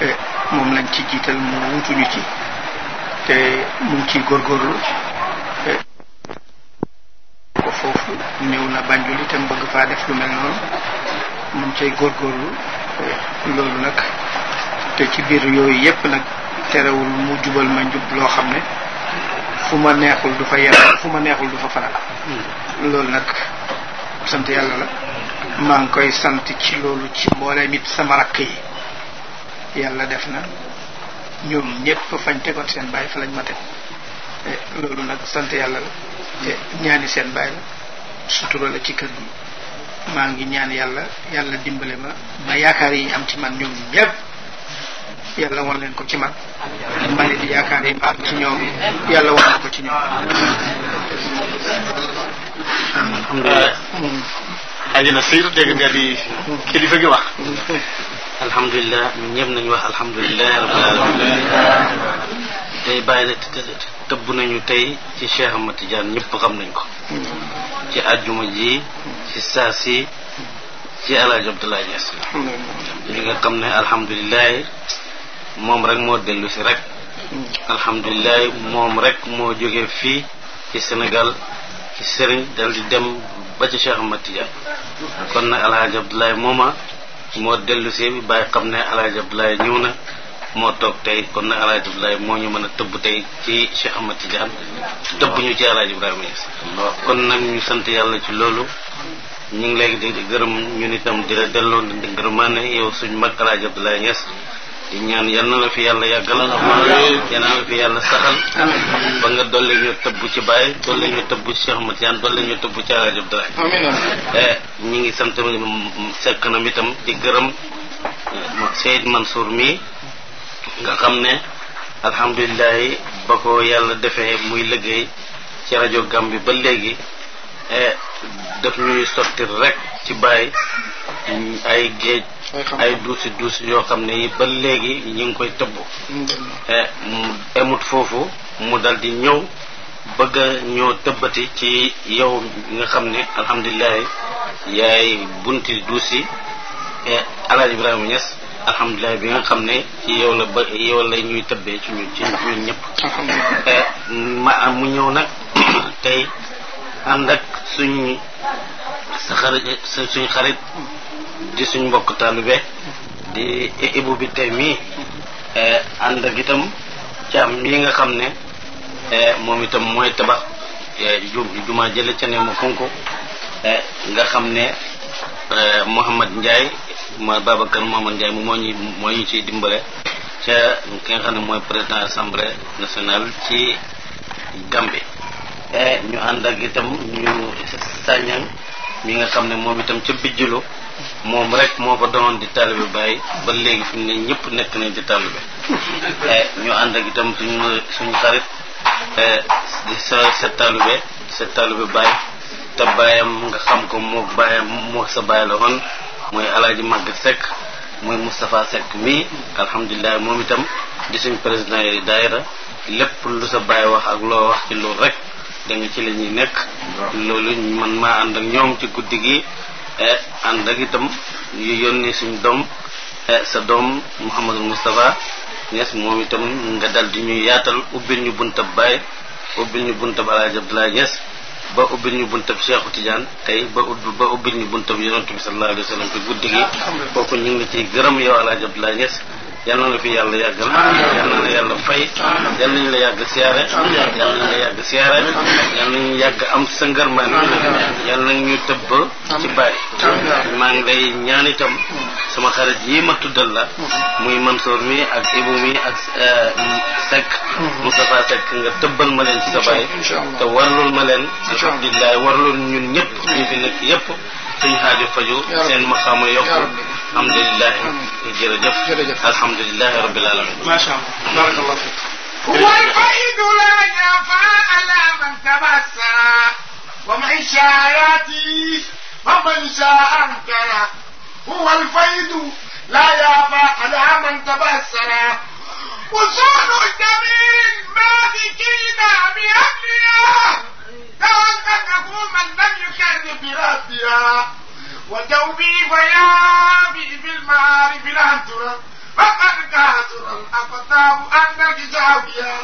e, moom lañ ci jiital mu wutuñu ci te mu ngi ciy góorgóorlu e, ko foofu ñëw na Banjul itam bëgg faa def lu mel noonu mu ngi cay góorgóorlu e, loolu nag te ci biir yooyu yépp nag terewul mu jubal ma njub loo xam ne fu ma neexul du fa yàlla fu ma neexul du fa faral loolu nag sant yàlla la maa ngi koy sant ci loolu ci mbooleem it sama rakk yi yàlla def na ñoom ñëpp fañ tegoon seen bàyyi fa lañ ma teg eh, loolu nag sant yàlla la ñaani seen bàyyi la sutura la ci kër gi maa ngi ñaan yàlla yàlla dimbale ma ba yaakaar yi am ci man ñoom ñëpp yàlla wan leen ko ci man maa ngi di yaakaar yi baat ci ñoom yàlla wan ko ci ñoom. alhamdulilah. ajina siir dégg nga di kilifa gi wax. alhamdulilah ñëpp nañu wax alhamdulilah rabbil alamin tey na tëbb tey ci Cheikh Ahmad Tidiane ñëpp xam nañ ko. ci àjjuma ji ci saa si ci El Hadj Abdoulaye Niass. li nga xam ne moom rek moo dellu si rek alhamdulilah moom rek moo jóge fii ci senegal ci sëriñ dal di dem ba ci Cheikh Ahmad kon nag alhaaji Abdoulaye mooma moo dellu si bàyyi xam ne alhaaji Abdoulaye ñëw na moo toog tey kon nag alhaaji Abdoulaye moo ñu mën a tëbb tey ci Cheikh Ahmad Tidiane tëbb ñu ci alhaaji Ibrahima Niass kon nag ñu sant yàlla ci loolu ñu ngi léegi di gërëm ñun itam di la delloo di gërëmaane yow suñ mag alhaaji Abdoulaye Niass ñaan yal na la fi yàlla yàggalal yal na la fi yàlla saxal ba nga dolli ñu tëbb ci Baye dolli ñu tëbb ci Cheikh Ahmad Tidiane dolli ñu tëbb ci Alaaji Abdoulaye eh, ñu ngi sant sekk na itam di gërëm Seyd Mansour mii nga xam ne alhamdulilahi ba ko yàlla defee muy liggéey ci rajo gambi ba léegi eh, daf ñuy sotti rek ci Baye ay géej ay duusi duusi yoo xam ne yi ba léegi ñu ngi koy tëbb eh, mu emut foofu mu dal di ñëw bëgg a ñoo tëbbati ci yow nga xam ne alhamdulilahi yaay bunti duusi eh, alaaj ibrahima ñes alhamdulilah bi nga xam ne ci yow la ba yow la ñuy tëbbee ci ñun ci eh, mu ñëw nag tey ànd suñ sa xarit suñ xarit di suñ mbokk taalube di ibu bi tey mii eh, ànd itam caam yi nga xam ne eh, moom itam mooy tabax eh, ju jumaa jële ca ne ma funko nga xam ne Mouhamad Ndiaye ma Babacar Mouhamad Ndiaye mu moo ñu moo dimbale ca ki xam ne mooy président assemblée nationale ci Gambie ñu ànd ak itam ñu sàññan mi nga xam ne moom itam ca bijjulu moom rek moo fa doon di taalibe bàyyi ba léegi fi mu ne ñëpp nekk nañ di taalibe eh, ñu ànd ak itam suñu suñu xarit eh, di sa sa taalibe sa taalibe bàyyi te bàyyam nga xam ko moo bàyyam moo sa bàyyi la woon mooy alaaji Maguette Seck mooy Moustapha Seck mii alhamdulilah moom itam di suñ président yi daayira lépp lu sa bàyyi wax ak loo wax ci loolu rek danga ci la ñuy nekk loolu man maa ànd ak ñoom ci guddi gi e, ànd ak itam yu yónnee suñ doom e, sa doom Mouhamadul Moustapha ñees moom itam nga dal di ñuy yaatal ubbil ñu buntab baay ubbil ñu buntab Alaaji Abdoulaye Niass ba ubbil ñu buntab Cheikhu Tidiane tey ba ubb ba ubbil ñu buntab yonent bi sallallahu alayhi wa sallam ci guddi gi kooku ñu ngi la ciy gërëm yow Alaaji Abdoulaye Niass yal na la fi yàlla yàggal yal na la yàlla fay yal nañu la yàgg siyaare yal nañu la am sa ngërmaan yal nañu ñu tëbb ci bàyyi maa ngi lay ñaan tam sama xarit yi ma tuddal la muy Mansour mi ak Ibou mi ak eh, Seck Moustapha Seck nga tëbbal ma leen ci sa bàyyi te warlul ma leen alhamdulilah warlul ñu ñëpp ñu fi nekk yëpp seen aajo faju seen maqaama yokku alhamdulilah jërëjëf jërëjëf alhamdulilah rabbil alamin ma sha Allah barakallahu fik والعيد لا جفاء على من تبسم ومن شاء ياتي ومن شاء انكر هو الفيض لا يابى على من تبسم وصول الدمير المالكين بأهلها لو أنه من لم يكذب بربها وتوبي ويابي بالمعارف لا ترى فقد كاثر الأقطاب أن بزاوية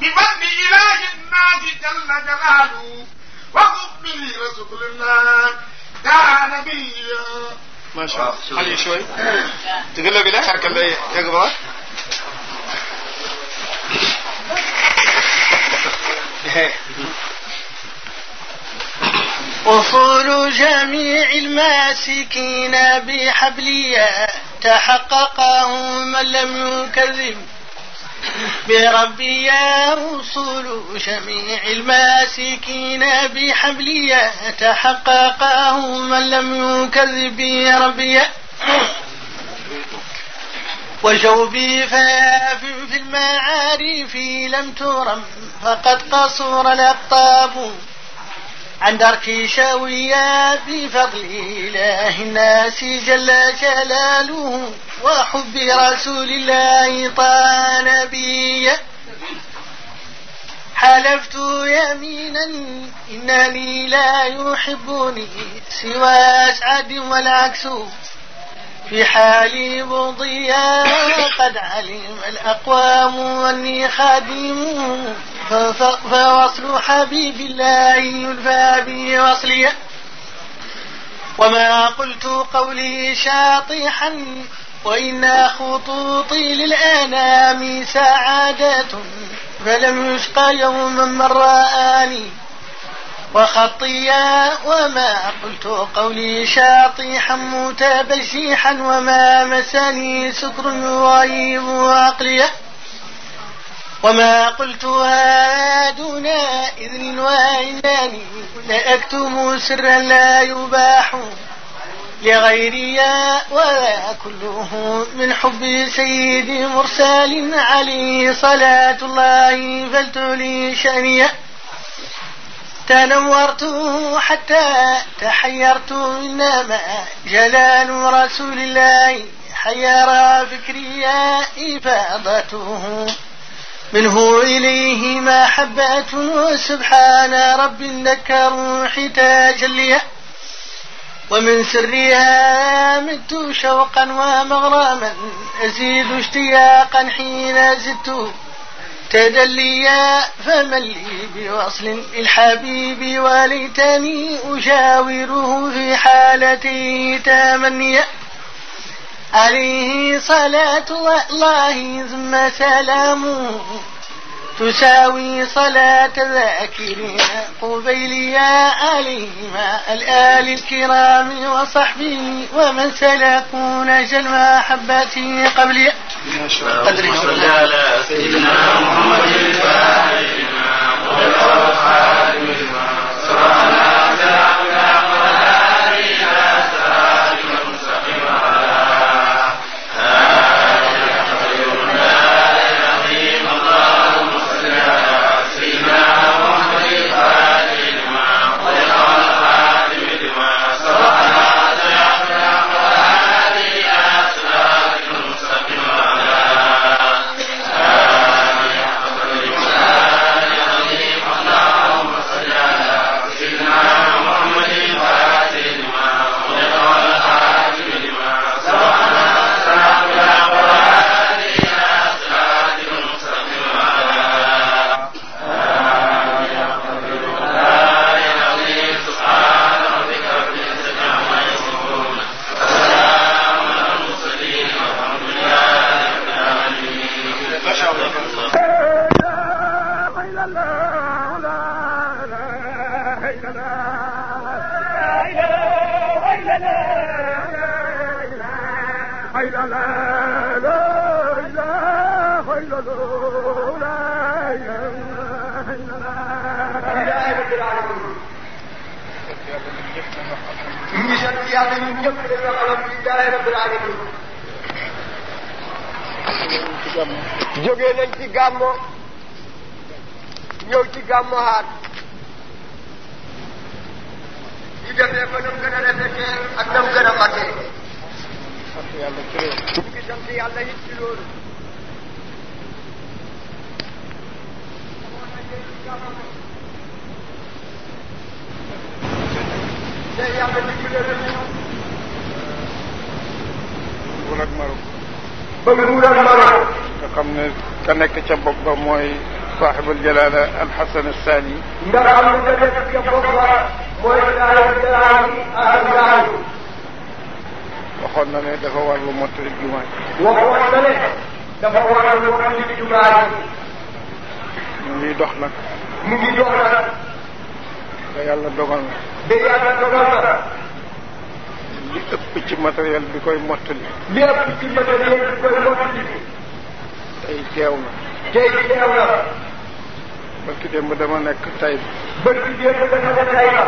بمن إله الناس جل جلاله وقم به رسول الله كان نبيا ما شاء الله خليه شوي تقول له بالله حركه اللي تقبل وصول جميع الماسكين بحبلها تحققه من لم يكذب بربي يا وصول جميع الماسكين بحبلي تحققه من لم يكذب بربي وجوبي فاف في المعارف لم ترم فقد قصر الأقطاب عن درك شاويا بفضل إله الناس جل جلاله وحب رسول الله طالبي حلفت يمينا إنني لا يحبني سوى أسعد والعكس في حالي مضيا قد علم الأقوام أني خادم فوصل حبيب الله ينفى بي وصلي وما قلت قولي شاطحا وإن خطوطي للأنام سعادة فلم يشقى يوما من رآني وخطيا وما قلت قولي شاطحا متبشحا وما مسني سكر يغيب عقليه وما قلتها دون إذن وإنني لأكتم سرا لا يباح لغيري ولا كله من حب سيد مرسل عليه صلاة الله فلتلي شأنيه تنورت حتى تحيرت إنما جلال رسول الله حير فكري إفاضته منه إليه محبة وسبحان رب لك روحي تجليا ومن سرها مت شوقا ومغراما أزيد اشتياقا حين زدت تدليا فما لي بوصل للحبيب وليتني أجاوره في حالته تمنيا عليه صلاة الله ثم سلامه تساوي صلاة ذاكرها قبيليا آلهما الآل الكرام وصحبه ومن سلكون جلوى حبته قبل قدره صلى على سيدنا محمد وآله yàlla dimbale leen wul ak maru bëgg wul ak maru nga xam ne ka nekk ca bopp ba mooy saaxibul jalaala alxasan alsaani nga xam ne ka nekk ca bopp ba mooy saaxibul jalaala alxasan waxoon na ne dafa war lu mottali jumaa ji waxoon na ne dafa war lu mottali jumaa ji mu ngi dox nag mu ngi dox nag te yàlla dogal na. te ëpp ci matériel bi koy mottali. li ëpp ci matériel bi koy teew na. tey teew na. barki démb dama nekk tay ba. barki démb dama nekk tay ba.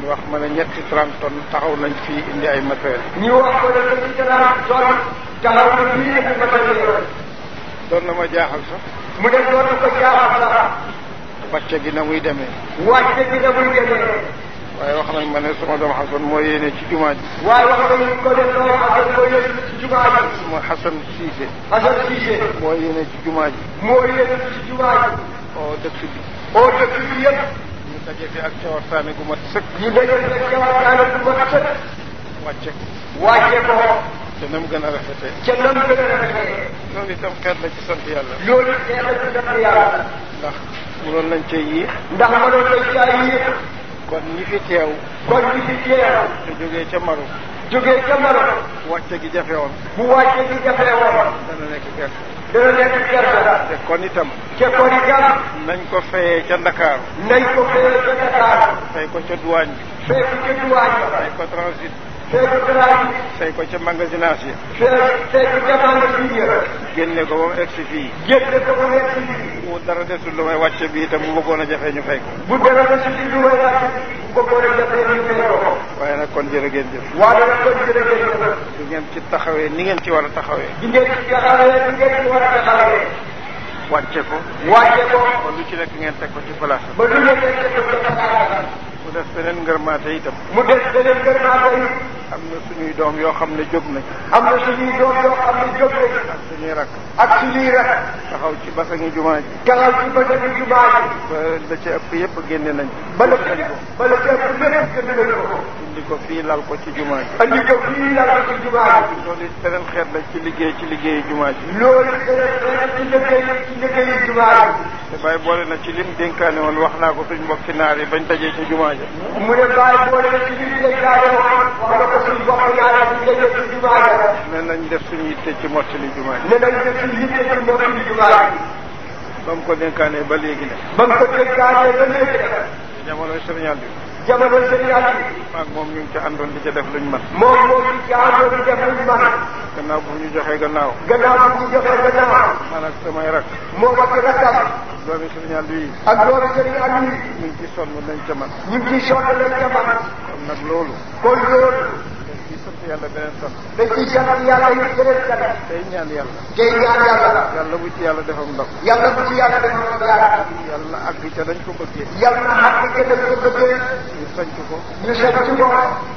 ñu wax ma ne ñetti 30 taxaw nañ fii indi ay matériel. ñu wax ma ne ñetti 30 tonnes taxaw nañ fii indi doon na ma jaaxal sax. mu ne doon na ko jaaxal sax. wàcce gi na muy demee wàcce gi na muy demee waaye wax nañ ma ne sama doom Xasan moo yéene ci jumaa ji waaye wax nañ ko ne sama Xasan moo yéene ci jumaa ji mooy Xasan Siise Xasan Siise moo yéene ci jumaa ji moo yéene ci jumaa ji oo dëkk bi oo dëkk bi yëpp ñu daje fi ak cawartaane gu mat sëkk ñu daje fi ak cawartaane gu mat sëkk wàcce wàcce ko te nam gën a rafetee te nam gën a rafetee loolu itam xeet la ci sant yàlla loolu xeet la ci sant yàlla ndax mënoon nañ cee yéex. ndax mënoon nañ caa yéex. kon ñi fi teew. kon ñi fi teew. te jógee ca Maroc. jógee ca Maroc. wàcce gi jafe woon. bu wàcce gi jafe woon. dana nekk gerte. dana nekk gerte la. kon itam. te kon itam. nañ ko fayee ca Ndakaaru. nañ ko fayee ca Ndakaaru. fay ko ca douane bi. fay ko ca douane bi. ko transit. fee ko ca magasinage yi. fee fee ko ca magasinage yi. génne ko ba mu egsi fii. génne ko ba mu egsi fii. bu dara desul lu may wàcce bi itam bu bëggoon a jafe ñu fay ko. bu dara desul lu may wàcce bu bëggoon a ko. waaye nag kon jërë ngeen jëf. waaye nag kon jërë ngeen jëf. ngeen ci taxawee ni ngeen ci war a taxawee. di ngeen ci wàcce ko. wàcce ko. kon lu ci nekk ngeen teg ko ci place ba lu ngeen teg ko ci place mu des beneen ngërmaate itam. mu des beneen ngërmaate itam. am na suñuy doom yoo xam ne jóg nañ. am na suñuy doom yoo xam ne jóg nañ. ak suñuy rak. ak suñuy rak. taxaw ci basangi jumaa ji. taxaw ci ëpp yëpp génne nañ. ba la ca la ko. indi ko fii lal ko ci jumaa ji. indi ko fii lal ko ci jumaa ji. loolu it xeet la ci liggéey ci liggéeyu jumaa ji. loolu it xeet la ci liggéey ci liggéeyu jumaa ji. te Baye boole na ci lim dénkaani woon wax naa ko suñ mbokki naar yi bañ dajee ci jumaa ji. mu ne Baye boole na ci lim dénkaane ne nañ def suñu yitte ci mottali jumaa ji. ne nañ def suñu yitte ci mottali jumaa ji. ba mu ko dénkaane ba léegi ne. ba mu ko dénkaane ba léegi ne. jamono Serigne Aliou. jamono sëriñ Aliou. waaw moom ñu ngi ci àndoon di ca def luñ mën. moom moom ñu ngi ci àndoon di def luñ mën. gannaaw bu ñu joxee gannaaw. gannaaw bu ñu joxee gannaaw. man ak samay rak. moom ak rakam. doomi sëriñ Aliou yi. ak doomi sëriñ Aliou yi. ñu ngi ci sonn lañ ca mën. ñu ngi ci sonn lañ ca mën. kon nag loolu. kon loolu. yàlla beneen sax. da ciy ñaanal yàlla yu beneen sax. day ñaan yàlla. day bu ci yàlla defam ndox. yàlla bu ci yàlla defam ndox yàlla. yàlla ca dañ ko bëggee. yàlla àgg ca dañ ko bëggee. ñu sanc ko. ñu ko.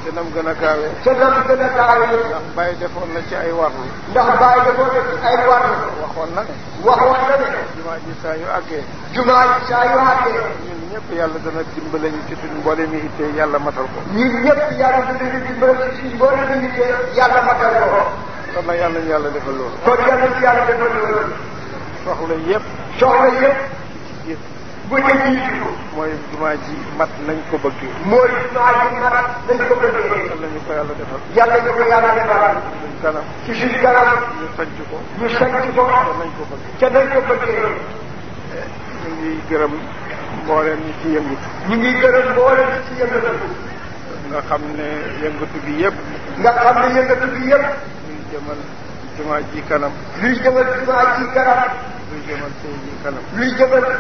te nam gën gaawee. te nam gën a gaawee. ndax bàyyi defoon na ci ay warlu. ndax bàyyi defoon na ci ay warlu. waxoon na ne. waxoon na ne. jumaa ji saa yu àggee. jumaa ji saa yu àggee. ñun ñëpp yàlla dana dimbale ñu ci suñ mboole mi ittee yàlla matal ko. ñun ñëpp yàlla dana dimbale ci suñ mboole liggéey yàlla magal ko ko. kon nag yàlla nañu yàlla defal loolu. kon yàlla nañu yàlla defal loolu. soxla yëpp. soxla yëpp. yëpp. bu ñu jiitu mooy jumaa ji mat nañ ko bëgg. mooy jumaa ji mat nañ ko bëgg. yàlla ñu ko yàlla defal. yàlla ñu ko yàlla defal. suñ kanam. ci suñ kanam. ñu sanc ko. ñu sanc ko. te nañ ko bëgg. te nañ ko bëggee. Eh, ñu ngi gërëm mboolem ñi ci yëngatu. ñu ngi gërëm mboolem ñi ci yëngatu. nga xam ne yëngatu bi yëpp. nga xam ne yëngatu bi yëpp. luy jëmal jumaa ji kanam. luy jëmal jumaa ji kanam. luy jëmal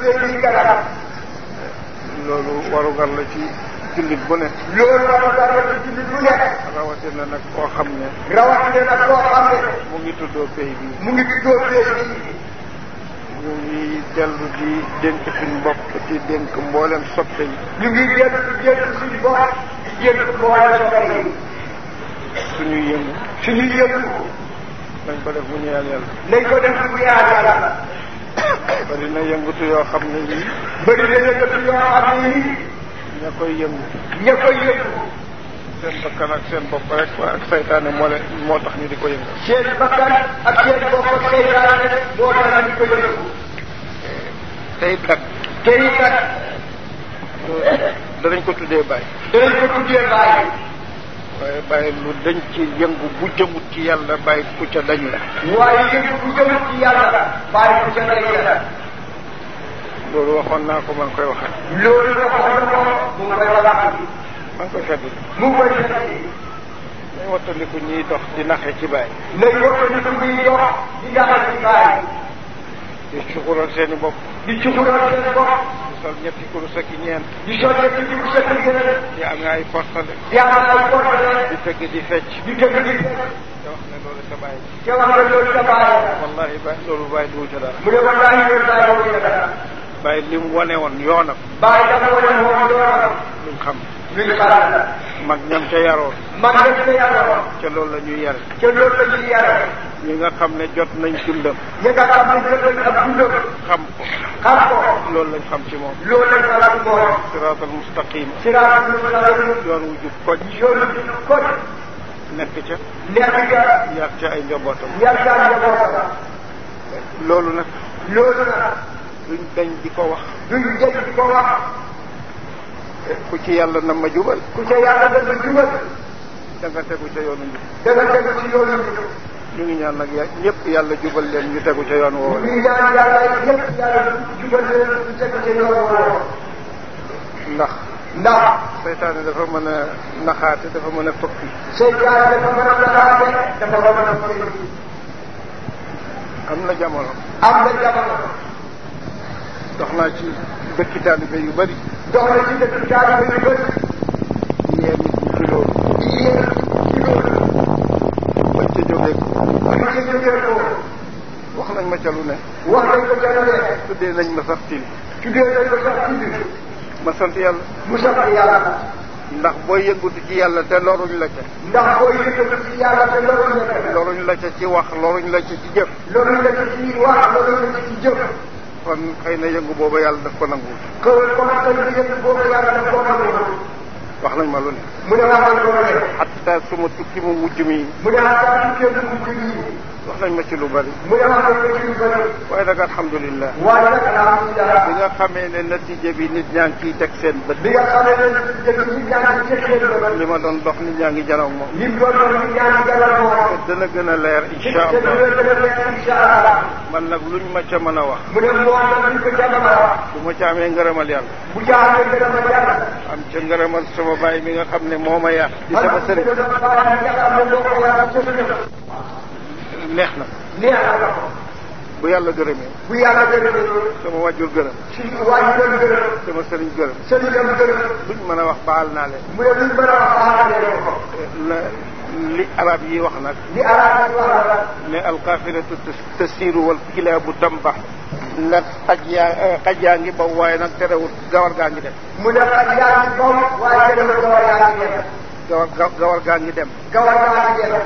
sëy ji kanam. loolu warugar la ci jullit bu ne. loolu warugar la ci jullit bu ne. rawatina nag koo xam ne. rawatina nag koo xam ne. mu ngi tuddoo pays bi. mu ngi tuddoo pays bi. ñu ngi dellu di dénk suñu bopp di dénk mboolem soppe yi. ñu ngi dellu di dénk suñu bopp. yëg mu waral coono suñuy yëngu. suñuy yëngu. nañ ko def mu ñeel yàlla. nañ ko def mu yàlla. bëri na yëngatu yoo xam ne yii. bëri na yëngatu yoo xam ne yii. ña koy yëngu. ña koy yëngu. seen bakkan ak seen bopp rek ak saytaane moo leen moo tax ñu di ko yëngal. seen bakkan ak seen bopp ak saytaane moo ko yëngal. tey kat. tey kat. danañ ko tuddee bàyyi. danañ ko tuddee bàyyi. waaye bàyyi lu dañ ci yëngu bu jëmut ci yàlla bàyyi ku ca dañ na waaye yëngu bu jëmut ci yàlla bàyyi ku ca dañ loolu waxoon naa ko maa ngi koy waxaat. loolu waxoon ko maa ngi koy waxaat. maa ngi koy fàttali. mu koy fàttali. nañ wattandiku ñiy dox di naxe ci bàyyi. di naxe ci bàyyi. di cuxural seen i bopp. di cuxural seen i bopp. di sol ñetti kurus ak ñeent. di sol ñetti kurus ak ñeent. di am ay portale. di am ay portale. di tëgg di fecc. di tëgg di fecc. te wax ne loolu sa bàyyi. te wax ne loolu sa bàyyi. wallaahi ba loolu bàyyi du ca dara. mu ne wallaahi loolu bàyyi du ca dara. bàyyi li mu wane woon yoonam. bàyyi dafa wane woon yoonam. luñ xam. luñ xalaat la. mag ñam ca yaroon. mag ñam ca yaroon. ca loolu la ñuy yare. ca loolu la ñuy yare. ñi nga xam ne jot nañ dundam. ñi nga xam ne jot nañ ab dundam. xam ko. xam ko. loolu lañ xam ci moom. loolu lañ xam ci moom. siraatal mustaqim. siraatal mustaqim. yoon wu jub koj. yoon wu jub koj. nekk ca. nekk ca. yar ca ay njabootam. yar ca ay njabootam. loolu nag. loolu nag. duñ dañ di ko wax. duñ dañ di ko wax. ku ci yàlla na ma jubal. ku ci yàlla na ma jubal. da nga tegu ca yoonu njub. da nga tegu ci yoonu njub. ñu ngi ñaan nag ñëpp yàlla jubal leen ñu tegu ca yoon woowu la. ñu ngi ñaan yàlla ñëpp yàlla jubal leen ñu tegu ca yoon woowu la. ndax. ndax. seytaane dafa mën a naxaate dafa mën a fëkk. seytaane dafa mën a naxaate dafa mën a fëkk. am na jamono. am na jamono. dox naa ci dëkki taalibe yu bëri. dox na ci dëkki taalibe yu bëri. yéen ci loolu. yéen. wax nañ ma ca lu ne. wax nañ ko ca lu ne. tuddee nañ ma sax til. tuddee nañ ma sax til. ma sant yàlla. mu sant yàlla. ndax booy yëngatu ci yàlla te loruñ la ca. ndax booy yëngatu ci yàlla te loruñ la ca. loruñ la ci wax loruñ la ca ci jëf. loruñ la ca ci wax loruñ la ca ci jëf. kon xëy na yëngu boobu yàlla daf ko nangu. na yëngu wax nañ ma lu ne. mu ne maa ngi doon def. xataa suma tukki mu wujj mi. mu ne maa ngi tukki mu wujj mi. wax nañ ma ci lu bari. mu ne maa ngi ci lu bari. waaye nag alhamdulilah. waaye nag alhamdulilah. bi nga xamee ne natiija bi nit ñaa ngi ciy teg seen bët. bi nga xamee ne natiija bi nit ñaa ngi ciy teg seen bët. li ma doon dox nit ñaa ngi jaraw moom. li mu doon dox nit ñaa ngi jaraw moom. te dana gën a leer incha allah. te dana gën a leer incha allah. man nag luñ ma ca mën a wax. mu ne loolu nag luñ ko ca mën a wax. bu ma ca amee ngërëmal yàlla. bu ca amee ngërëmal yàlla. am ca ngërëmal sama baay mi nga xam ne moo ma yar di sama sëriñ neex na neex na bu yàlla gërëmee bu yàlla gërëmee sama wàjjur a wax baal ne duñ mën a wax baal naa leen li arab yi wax nag. li arab yi wax nag. ne alqaafilatu tasiiru wal kilaabu tambax. la xaj yaa xaj yaa ngi ba waaye nag terewul gawar gaa ngi dem. mu ne xaj yaa ngi boobu waaye terewul gawar gaa ngi dem. gawar gawar gaa ngi dem. gawar gaa ngi dem.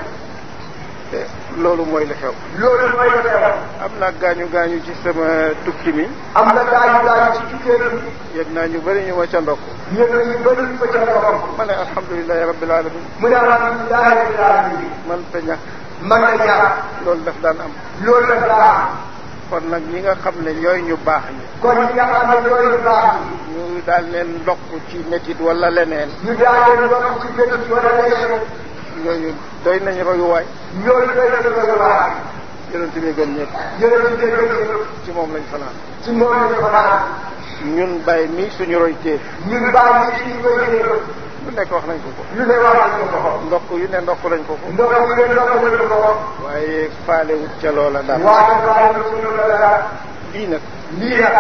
Eh, loolu mooy la xew. loolu mooy la xew. am na gaañu gaañu ci sama tukki mi. am na gaañu gaañu ci tukkee bi. yëg naa ñu bari ñu ma ca ndokk. yëg na ñu bëri ñu ma ca ndokk. ma ne alhamdulilah rabbil alamin. mu ne alhamdulilah rabbil alamin. man te ñàkk. man te ñàkk. loolu daf daan am. loolu daf daan am. kon nag ñi nga xam ne ñooy ñu baax ñi. kon ñi nga xam ne ñooy ñu baax ñi. ñu daal leen ndokk ci métit wala leneen. ñu daal leen ndokk ci métit wala leneen. yooyu doy nañu royuwaay. yooyu doy nañu royuwaay. yonent bi gën ñëpp. yonent bi gën ñëpp. ci moom lañ fanaan. ci moom lañ fanaan. ñun bàyyi mi suñu roy ñun bàyyi mi suñu nekk wax nañ ko ko. lu nekk lañ ko ko. ndokk yu ne ndokk lañ lii nag.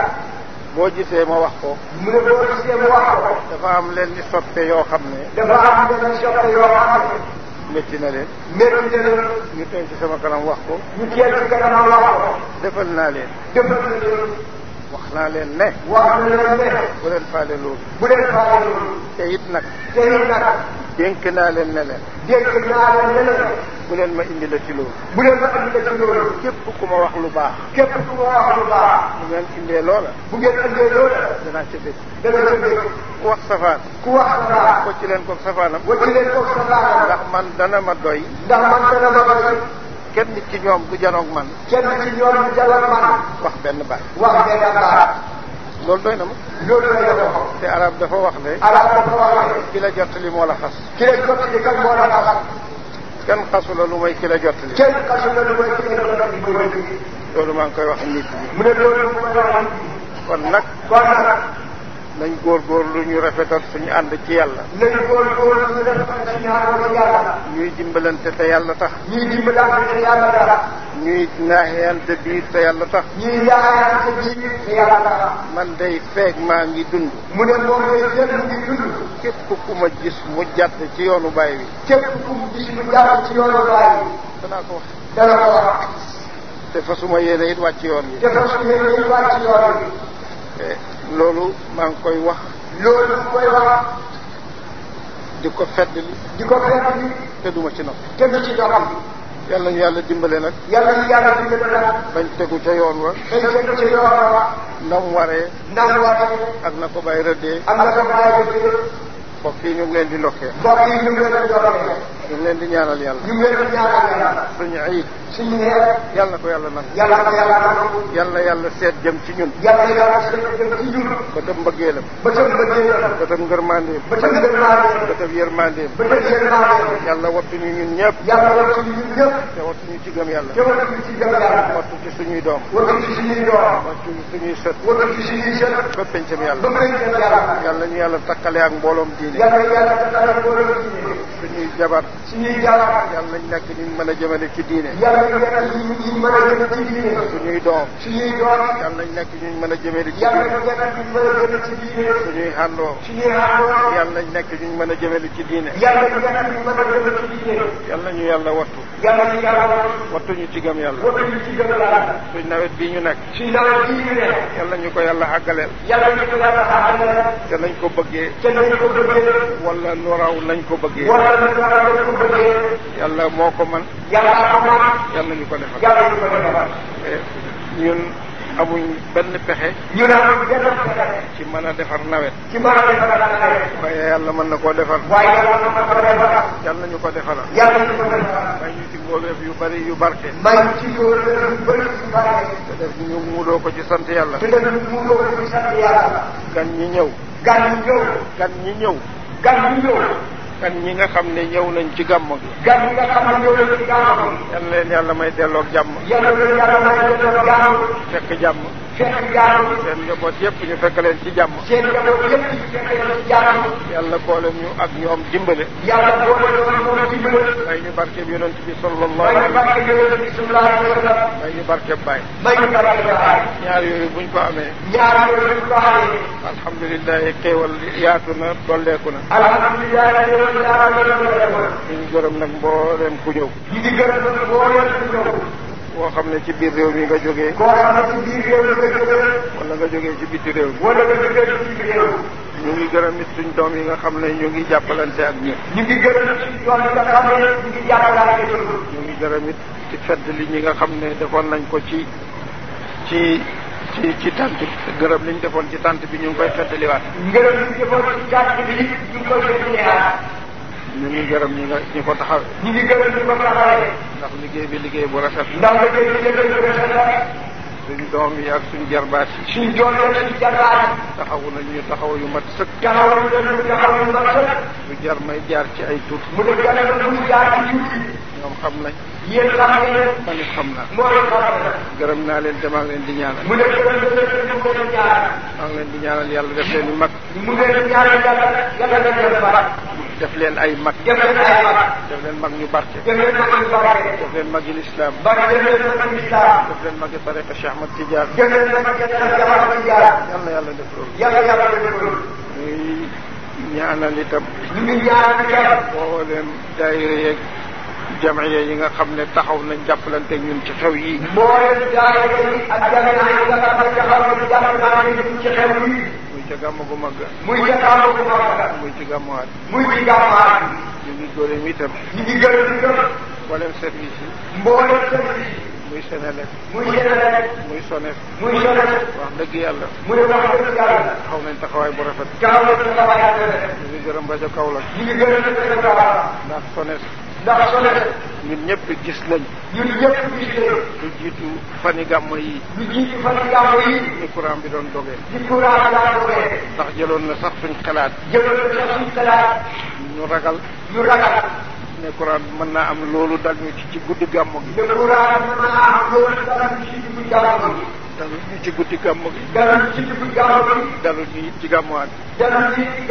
boo gisee ma wax ko. mu ne boo gisee ma wax ko. dafa am leen di soppe yoo xam ne. dafa am leen di soppe yoo xam ne. métti na leen. métti na leen. ñu tey ci sama kanam wax ko. ñu tey ci kanam wax ko. defal naa leen. defal na leen. wax naa leen ne. wax na leen ne. bu leen faale loolu. bu leen faale loolu. te it nag. te it nag. dénk naa leen ne leen. dénk naa leen ne leen. bu leen ma indi la ci loolu. bu leen ma indi la képp ku ma wax lu baax. képp ku ma wax lu baax. bu ngeen indee loola. bu ngeen indee loola. danaa ca dégg. danaa ca dégg. ku wax safaan. dana ma doy. dana ma doy. kenn nit ci ñoom du janoog man. kenn wax benn baat. wax benn baat. loolu doy na ma. te arab dafa wax ne. arab dafa wax ki la jot li moo la xas. ki la jot li kat moo la xas. kenn xasu la lu may ki la jottali. kenn xasu la lu may ki la jottali. loolu maa ngi koy wax nit ñi. mu ne loolu maa ngi koy wax nit ñi. kon nag. kon nag. nañ góorgóorlu ñu rafetal suñu ànd ci yàlla. nañ góorgóorlu ñu rafetal suñu ànd ci yàlla. ñuy dimbalante te yàlla tax. ñuy dimbalante te yàlla tax. man day feeg maa ngi dund. mu ne moom day feeg mu ngi dund. képp ku ma gis mu jàdd ci yoonu baay bi. képp ku mu gis mu jàdd ci yoonu baay bi. danaa ko wax. dana ko wax. te fasuma yéene it yoon bi. it wàcc yoon bi. loolu maa ngi koy wax. loolu di ko feddali. di ko feddali. te duma ci nopp. te ci doxam. yàlla yàlla dimbale nag. yàlla dimbale nag. bañ tegu ca yoon wa. bañ waree. nam waree. ak na ko bàyyi rëddee. ak na ko bàyyi rëddee. mbokk yi ñu ngi leen di ndokkee. mbokk ñu ngi leen di ndokkee. ñu ngi ngi leen di ñaanal yàlla. suñu ko yàlla nangu. yàlla na ko yàlla nangu. yàlla ci ñun. yàlla yàlla seet jëm ci ñun. bëtëm mbëggeelam. bëtëm mbëggeelam. bëtëm ngërmandeem. bëtëm ngërmandeem. bëtëm yàlla wattuñu ñun ñëpp. yàlla wattuñu ñun ñëpp. te wattuñu gëm yàlla. te wattuñu ci gëm yàlla. wattu ci suñuy doom. wattu ci suñuy sët. wattu ci ñu yàlla takkale ak mbooloom diin yàlla yàlla dara góoram ci suñuy jabar. suñuy jabar. yàlla nañ nekk ñu mën a jëmale ci diine. yàlla nañ nekk ñu mën a jëmale ci diine. suñuy doom. suñuy doom. nekk ñu mën a jëmale ci diine. yàlla nañ nekk ñu mën a jëmale ci diine. suñuy àndoo. suñuy àndoo. yàlla nañ nekk ñu mën ñu mën jëmale ci diine. yàlla ñu yàlla wattu. wattuñu ci yàlla. wattuñu ci gëm yàlla. suñ nawet bii ñu nekk. suñ nawet bii ñu nekk. yàlla ñu ko yàlla àggaleel. yàlla ñu ko bëggee. te nañ ko bëggee. wala nu raw nañ ko bëggee. yàlla moo ko man yàlla ko man yàlla ñu ko defal yàlla ñu ko defal ñun amuñ benn pexe ci mën a defar nawet ci mën waaye yàlla mën na koo defal waaye yàlla mën na koo defar yàlla ñu ko defal ko defal may ñu ci mbooleef yu bari yu barke may ñu ci mbooleef yu barke te def ñu muuloo ko ci sant yàlla ci sant yàlla gan ñi ñëw gan ñu ñëw gan ñi ñëw gan ñi ñëw ak ñi nga xam ne ñëw nañ ci gàmm gi. gan ñi nga xam ne ñëw nañ ci gàmm gi. yal na leen may delloog jàmm. yal na leen yàlla jàmm. fekk jàmm. fekk jaaram seen njaboot yëpp ñu fekk leen ci jàmm seen njaboot yëpp ñu fekk leen ci jaaram yàlla boole ñu ak ñoom dimbale yàlla boole ñu ñoom dimbale may ñu barkeb yonent bi baay may ñu baay ñaar yooyu buñ ko amee ñaar yooyu buñ na ñu ngi gërëm nag mbooleem ku ñëw ñu ngi gërëm nag mbooleem koo xam ne ci biir réew mi nga jógee. koo xam ne ci biir réew mi nga jógee. wala nga ci réew wala nga ngi gërëm it suñ doom yi nga xam ne ñu ngi jàppalante ak ñun. ñu ngi gërëm ngi jàppalante ci fedd li ñi nga xam ne defoon nañ ko ci ci ci ci tant bi. gërëm li defoon ci tant bi ñu ngi koy feddliwaat. li ñu bi ñu ngi gërëm ñi nga ñi ko taxawee. ñu ngi gërëm ñi ko taxawee. ndax liggéey bi liggéey bu rafet. ndax liggéey bi liggéey bu rafet. suñu doom yi ak suñu jarbaas yi. suñu doom yi ak suñu jarbaas yi. taxawu nañ ñu taxaw yu mat sëkk. taxawu nañ ñu taxaw yu mat sëkk. lu jar may jaar ci ay tur. mu def gànnaaw lu jaar ci tur. ñoom xam nañ. yéen la xam ne. man it xam naa. moo leen xam na. gërëm naa leen te maa ngi leen di ñaanal. mu ne gërëm na leen te ñu ko doon ñaanal. maa ngi leen di ñaanal yàlla def leen i mag. mu ngi leen di ñaanal yàlla yàlla def leen barab. def leen ay mag. def leen ay mag. def leen mag ñu barke. def leen mag ñu barke. def leen mag yi lislaam. barke def leen mag yi lislaam. def leen mag yi tariqa Cheikh Ahmad Tidiane. def leen mag yi tariqa Ahmad Tidiane. yàlla yàlla def loolu. yàlla yàlla def loolu. ñuy ñaanal itam. ñu ngi ñaanal itam. boo leen daayira yeeg jamiya yi nga xam ne taxaw nañ jàppalante ñun ci xew yi. mboolem daara yi ak jamiya yi nga xam ne taxaw nañ jàppalante ñun ci xew yi. muy ca gàmm gu mag. muy ca gàmm gu mag. muy ci gàmmuwaat. muy ci gàmmuwaat. ñu ngi gërëm itam. ñu ngi gërëm itam. mboolem service yi. mboolem service yi. muy Senelec. muy Senelec. muy Sones. muy Sones. wax dëgg yàlla. muy wax dëgg yàlla. xaw nañ taxawaay bu rafet. taxaw nañ taxawaay bu rafet. ñu ngi gërëm rajo Kaolack. ñu ngi gërëm rajo Kaolack. ndax Sones. ndax su ne. ñun ñëpp gis nañ. ñun ñëpp gis nañ. lu jiitu fani gàmmo yi. lu jiitu fani gàmmo yi. ni bi doon dogee. ndax jëloon na sax suñ xalaat. jëloon na sax suñ xalaat. ñu ragal. ñu ragal. ne mën naa am loolu dal ñu ci ci guddi gàmmo gi. dalu ñu ci guddi gàmmu bi. dalu ñu ci gàmmuwaat bi.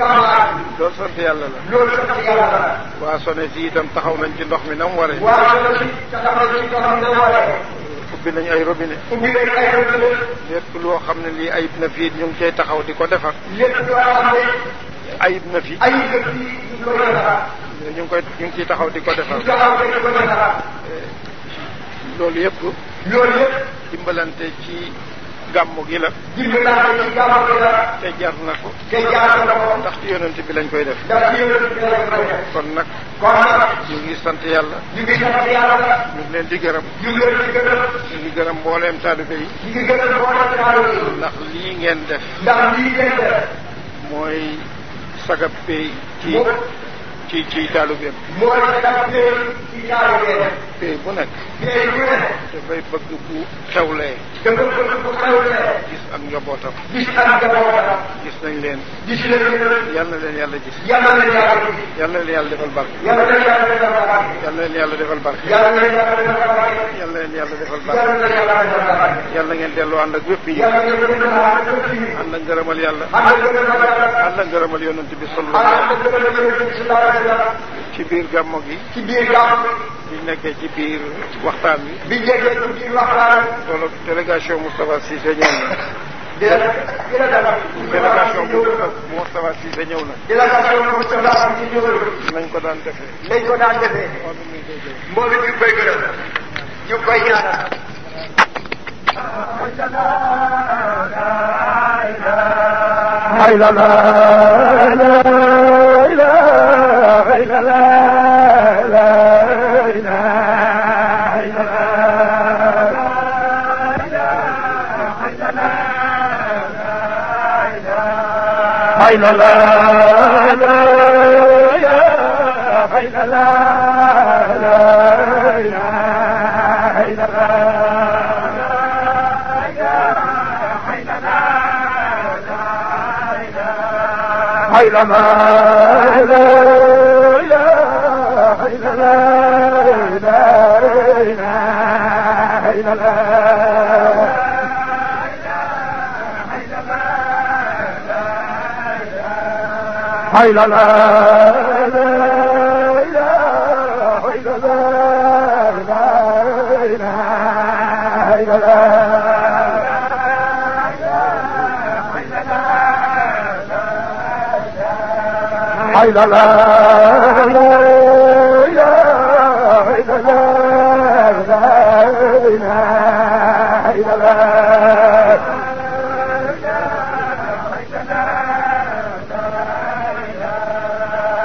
loolu sant yàlla la. loolu sant yàlla la. waa Sone si itam taxaw nañ ci ndox mi na mu war waa nañ ubbi nañ ay robinet. ubbi nañ lépp loo xam ne lii ayib na fii ñu ngi cay taxaw di ko defar. lépp loo xam ne. ayib ngi koy ñu ngi taxaw di ko defar. di eh, taxaw loolu yëpp. loolu yëpp. dimbalante ci gàmmu gi la. dimbalante ci te jar na ko. te jar na ko. ndax ci bi lañ koy def. kon nag. kon nag. ñu ngi sant yàlla. ñu ngi sant yàlla. ñu ngi leen di gërëm. ñu ngi gërëm. mbooleem taalibe yi. ñu ngi gërëm mbooleem taalibe yi. ndax lii ngeen def. ndax lii mooy sagab ci ci ci taalubeem. mooy sagab bi ci taalubeem. pay bu nekk. pay bu nekk. dafay bëgg bu xewlee. dafay bëgg bu xewlee. gis ak njabootam. gis ak njabootam. gis nañ leen. gis nañ leen. yal na leen yàlla gis. yal na leen yàlla gis. yal na leen yàlla defal barke. yal na leen yàlla defal barke. yal na leen yàlla defal barke. yal na leen yàlla defal barke. yal na leen yàlla defal barke. yal na leen yàlla defal barke. yal na ngeen delloo ànd ak wépp yi. yal na ngeen delloo ànd ak wépp yi. ànd ak ngërëmal yàlla. ànd ak ngërëmal yàlla. ànd ak ngërëmal yonent bi sallallahu alayhi wa sallam. ci biir gàmmo gi. ci biir gàmmo gi. bi ñu nekkee ci biir waxtaan bi. bi ñu nekkee ci biir waxtaan. loolu délégation Moustapha Cissé ñëw na. délégation bu Moustapha Cissé ñëw na. délégation Moustapha Cissé ñëw na. nañ ko daan defee. nañ ko daan defee. mbooloo ñu koy gërëm. ñu koy ñaanal. la ilaha illallah حي لا لا يا حي لا لا يا حي لا لا حي لا لا لا حي لا لا لا لا لا حي لا لا حي لا لا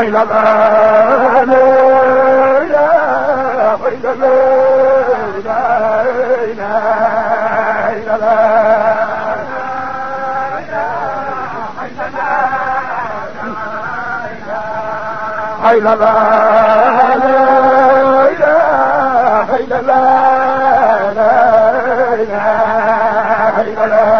حيل لا لا حيل لا لا حيل لا لا حيل لا لا حيل لا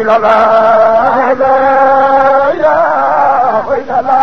la la